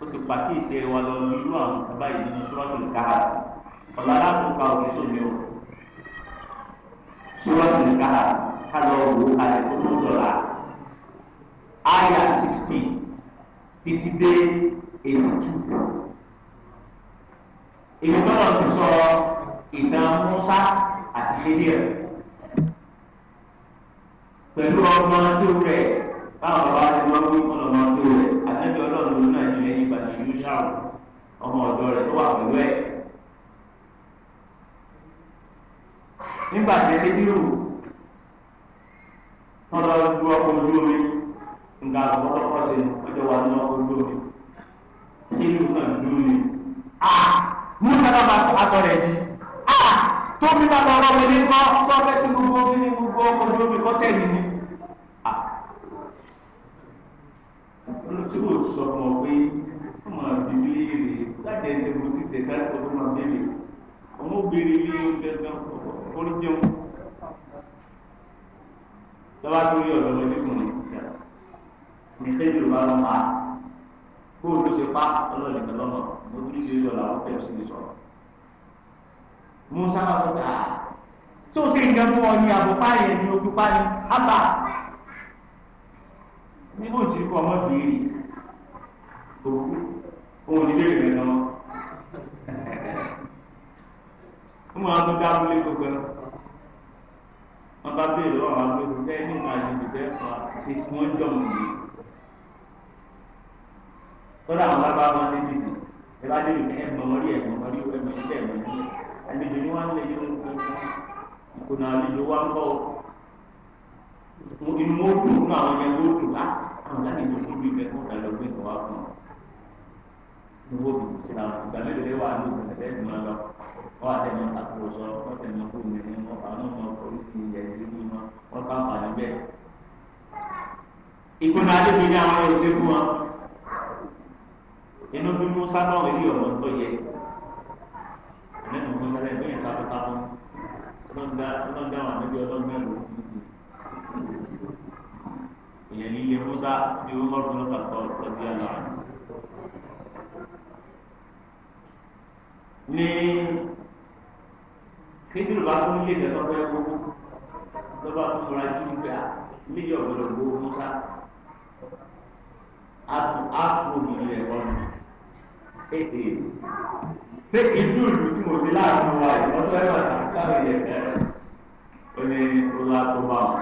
ó ti pàkíyèsí wa lọ irú àwọn ìjọba yìí nínú sọ́ọ́tì káà ọ̀la láti ka òkè sómi o sọ́ọ́tì káà ká lọ wò ó kalẹ̀ tó tó dọ̀la àyà sixteen títí dé eighty two èyí tó lọ ti sọ ìtàn Musa àti Khidir. pẹ̀lú ọmọ tó rẹ̀ báwọn bá ti wọ́n wí fún ọmọ tó rẹ̀ àtẹ́jọ́ ọlọ́run ló náà jẹ́ ìlú ṣáà ọmọ ọ̀dọ́ rẹ̀ tó wà pẹ̀lú ẹ̀. nígbà tí ẹni bí ojú omi nga ọjọ́ wa ojú omi kí ni mú sábà aṣọ rẹ̀ di tóbi bá kọ́ sọ́fẹ́ tí gbogbo kí ni ní tí yóò sọ fún ọ pé ó máa bí mi léèrè láti ẹsẹ̀ mo ti tẹ̀ ká ẹ̀kọ́ tó máa béèrè ọmọ obìnrin ní oúnjẹ gan orí jẹun lọ́wọ́ tó rí ọ̀dọ́ lọ nípìnlẹ̀ nìkẹ́ yorùbá lọ máa kó o ló ṣe pa ọlọ́ọ̀lẹ̀ kan lọ́nà mo tún ṣe sọ̀rọ̀ àwọn pẹ̀lú sí sọ̀rọ̀ mo sábà sọ̀tà tí ah, o sì ń jẹ́ fún ọ ní àbúpá yẹn ní ojú pa ni ábà níbo tí kò ọmọ béèrè òkú òun ní léèrè lọ ó máa tó dábúlé gbogbo ẹ wọn bá béèrè lọ́wọ́ àwọn agbègbè bẹ́ẹ̀ ní ìgbà àjèjì bẹ́ẹ̀ fà sísú wọn jọ sí i tọ́lá àwọn bàbá wọn ṣe bìsì ẹ bá léèrè ẹ mọ̀ ọ́ rí ẹ mọ̀ ọ́ rí ẹ mọ̀ iṣẹ́ ẹ mọ̀ iṣẹ́ àlejò ni wọ́n á lè yọ ìkùnà àlejò wa ń bọ̀ ọ́ inú mo dùn nínú àwọn ẹgbẹ́ tó dùn á àwọn láti tó dùn bíbẹ kó kàn lọ gbé ìwà fún un gbogbo bìbù sí àwọn ìgbàlódé wà ní ìgbàlódé ìlú wọn lọ wọn àti ẹni àkókò sọ wọn tẹnu ọkọ mi ní wọn àwọn ọmọ oríṣi ilẹ̀ ìlú ní wọn wọn sábà níbẹ̀. ìpinnu adébí ní àwọn ẹ̀ṣẹ́ fún wọn inú bí musa náà rí ọ̀nà tó yẹ ẹ̀mẹ́nu musa rẹ̀ ìyẹn ní ilé musa ní wọn lọ́dún náà kàtọ́ lọ́dún yàrá ní kéjìlú bá tún ah, ilé ìdẹ́tọ́ fẹ́ gbogbo lọ́ba tó múra jù ú gbà níyọ̀ gbọdọ̀ gbogbo musa àtúntò ìlú ẹ̀kọ́ ni ètè ṣé ìlú ìlú tí mo ti láàánú wa ìmọ̀tò ẹ̀rọ àti káwé yẹn fẹ́rẹ̀ ó ní ọlá tó bá wọn.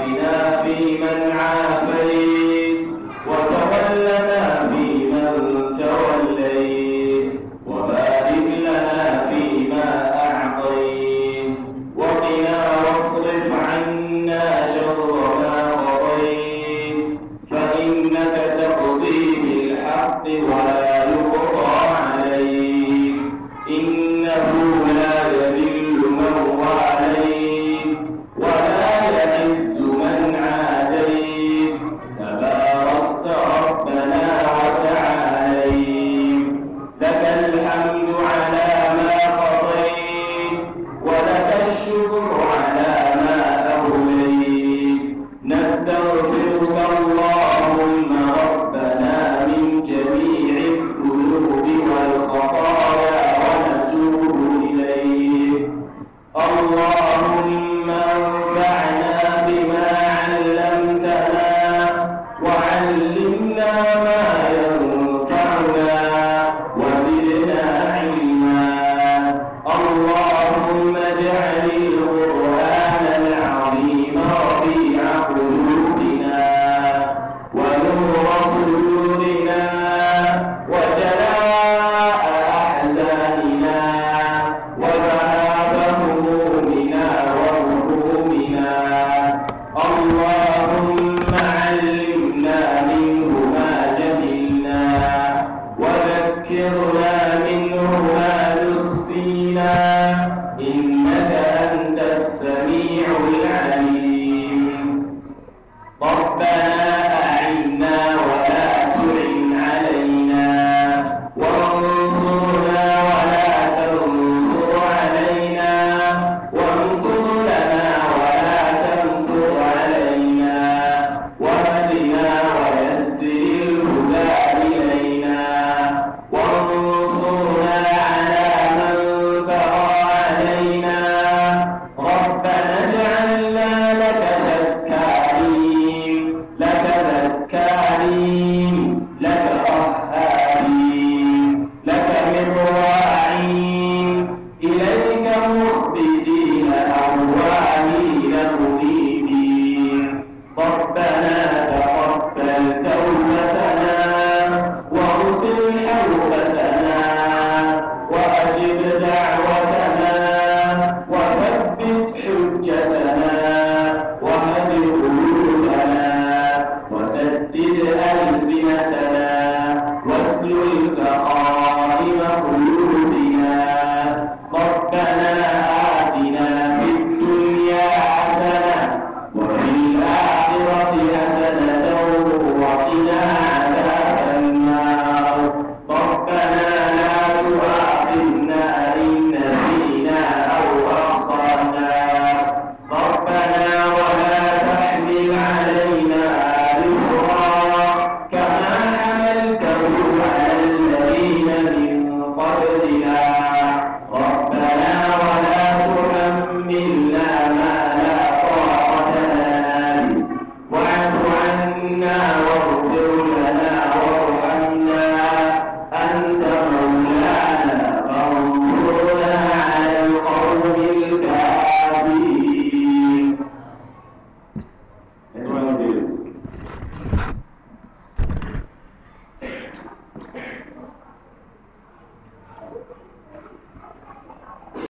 في من عافى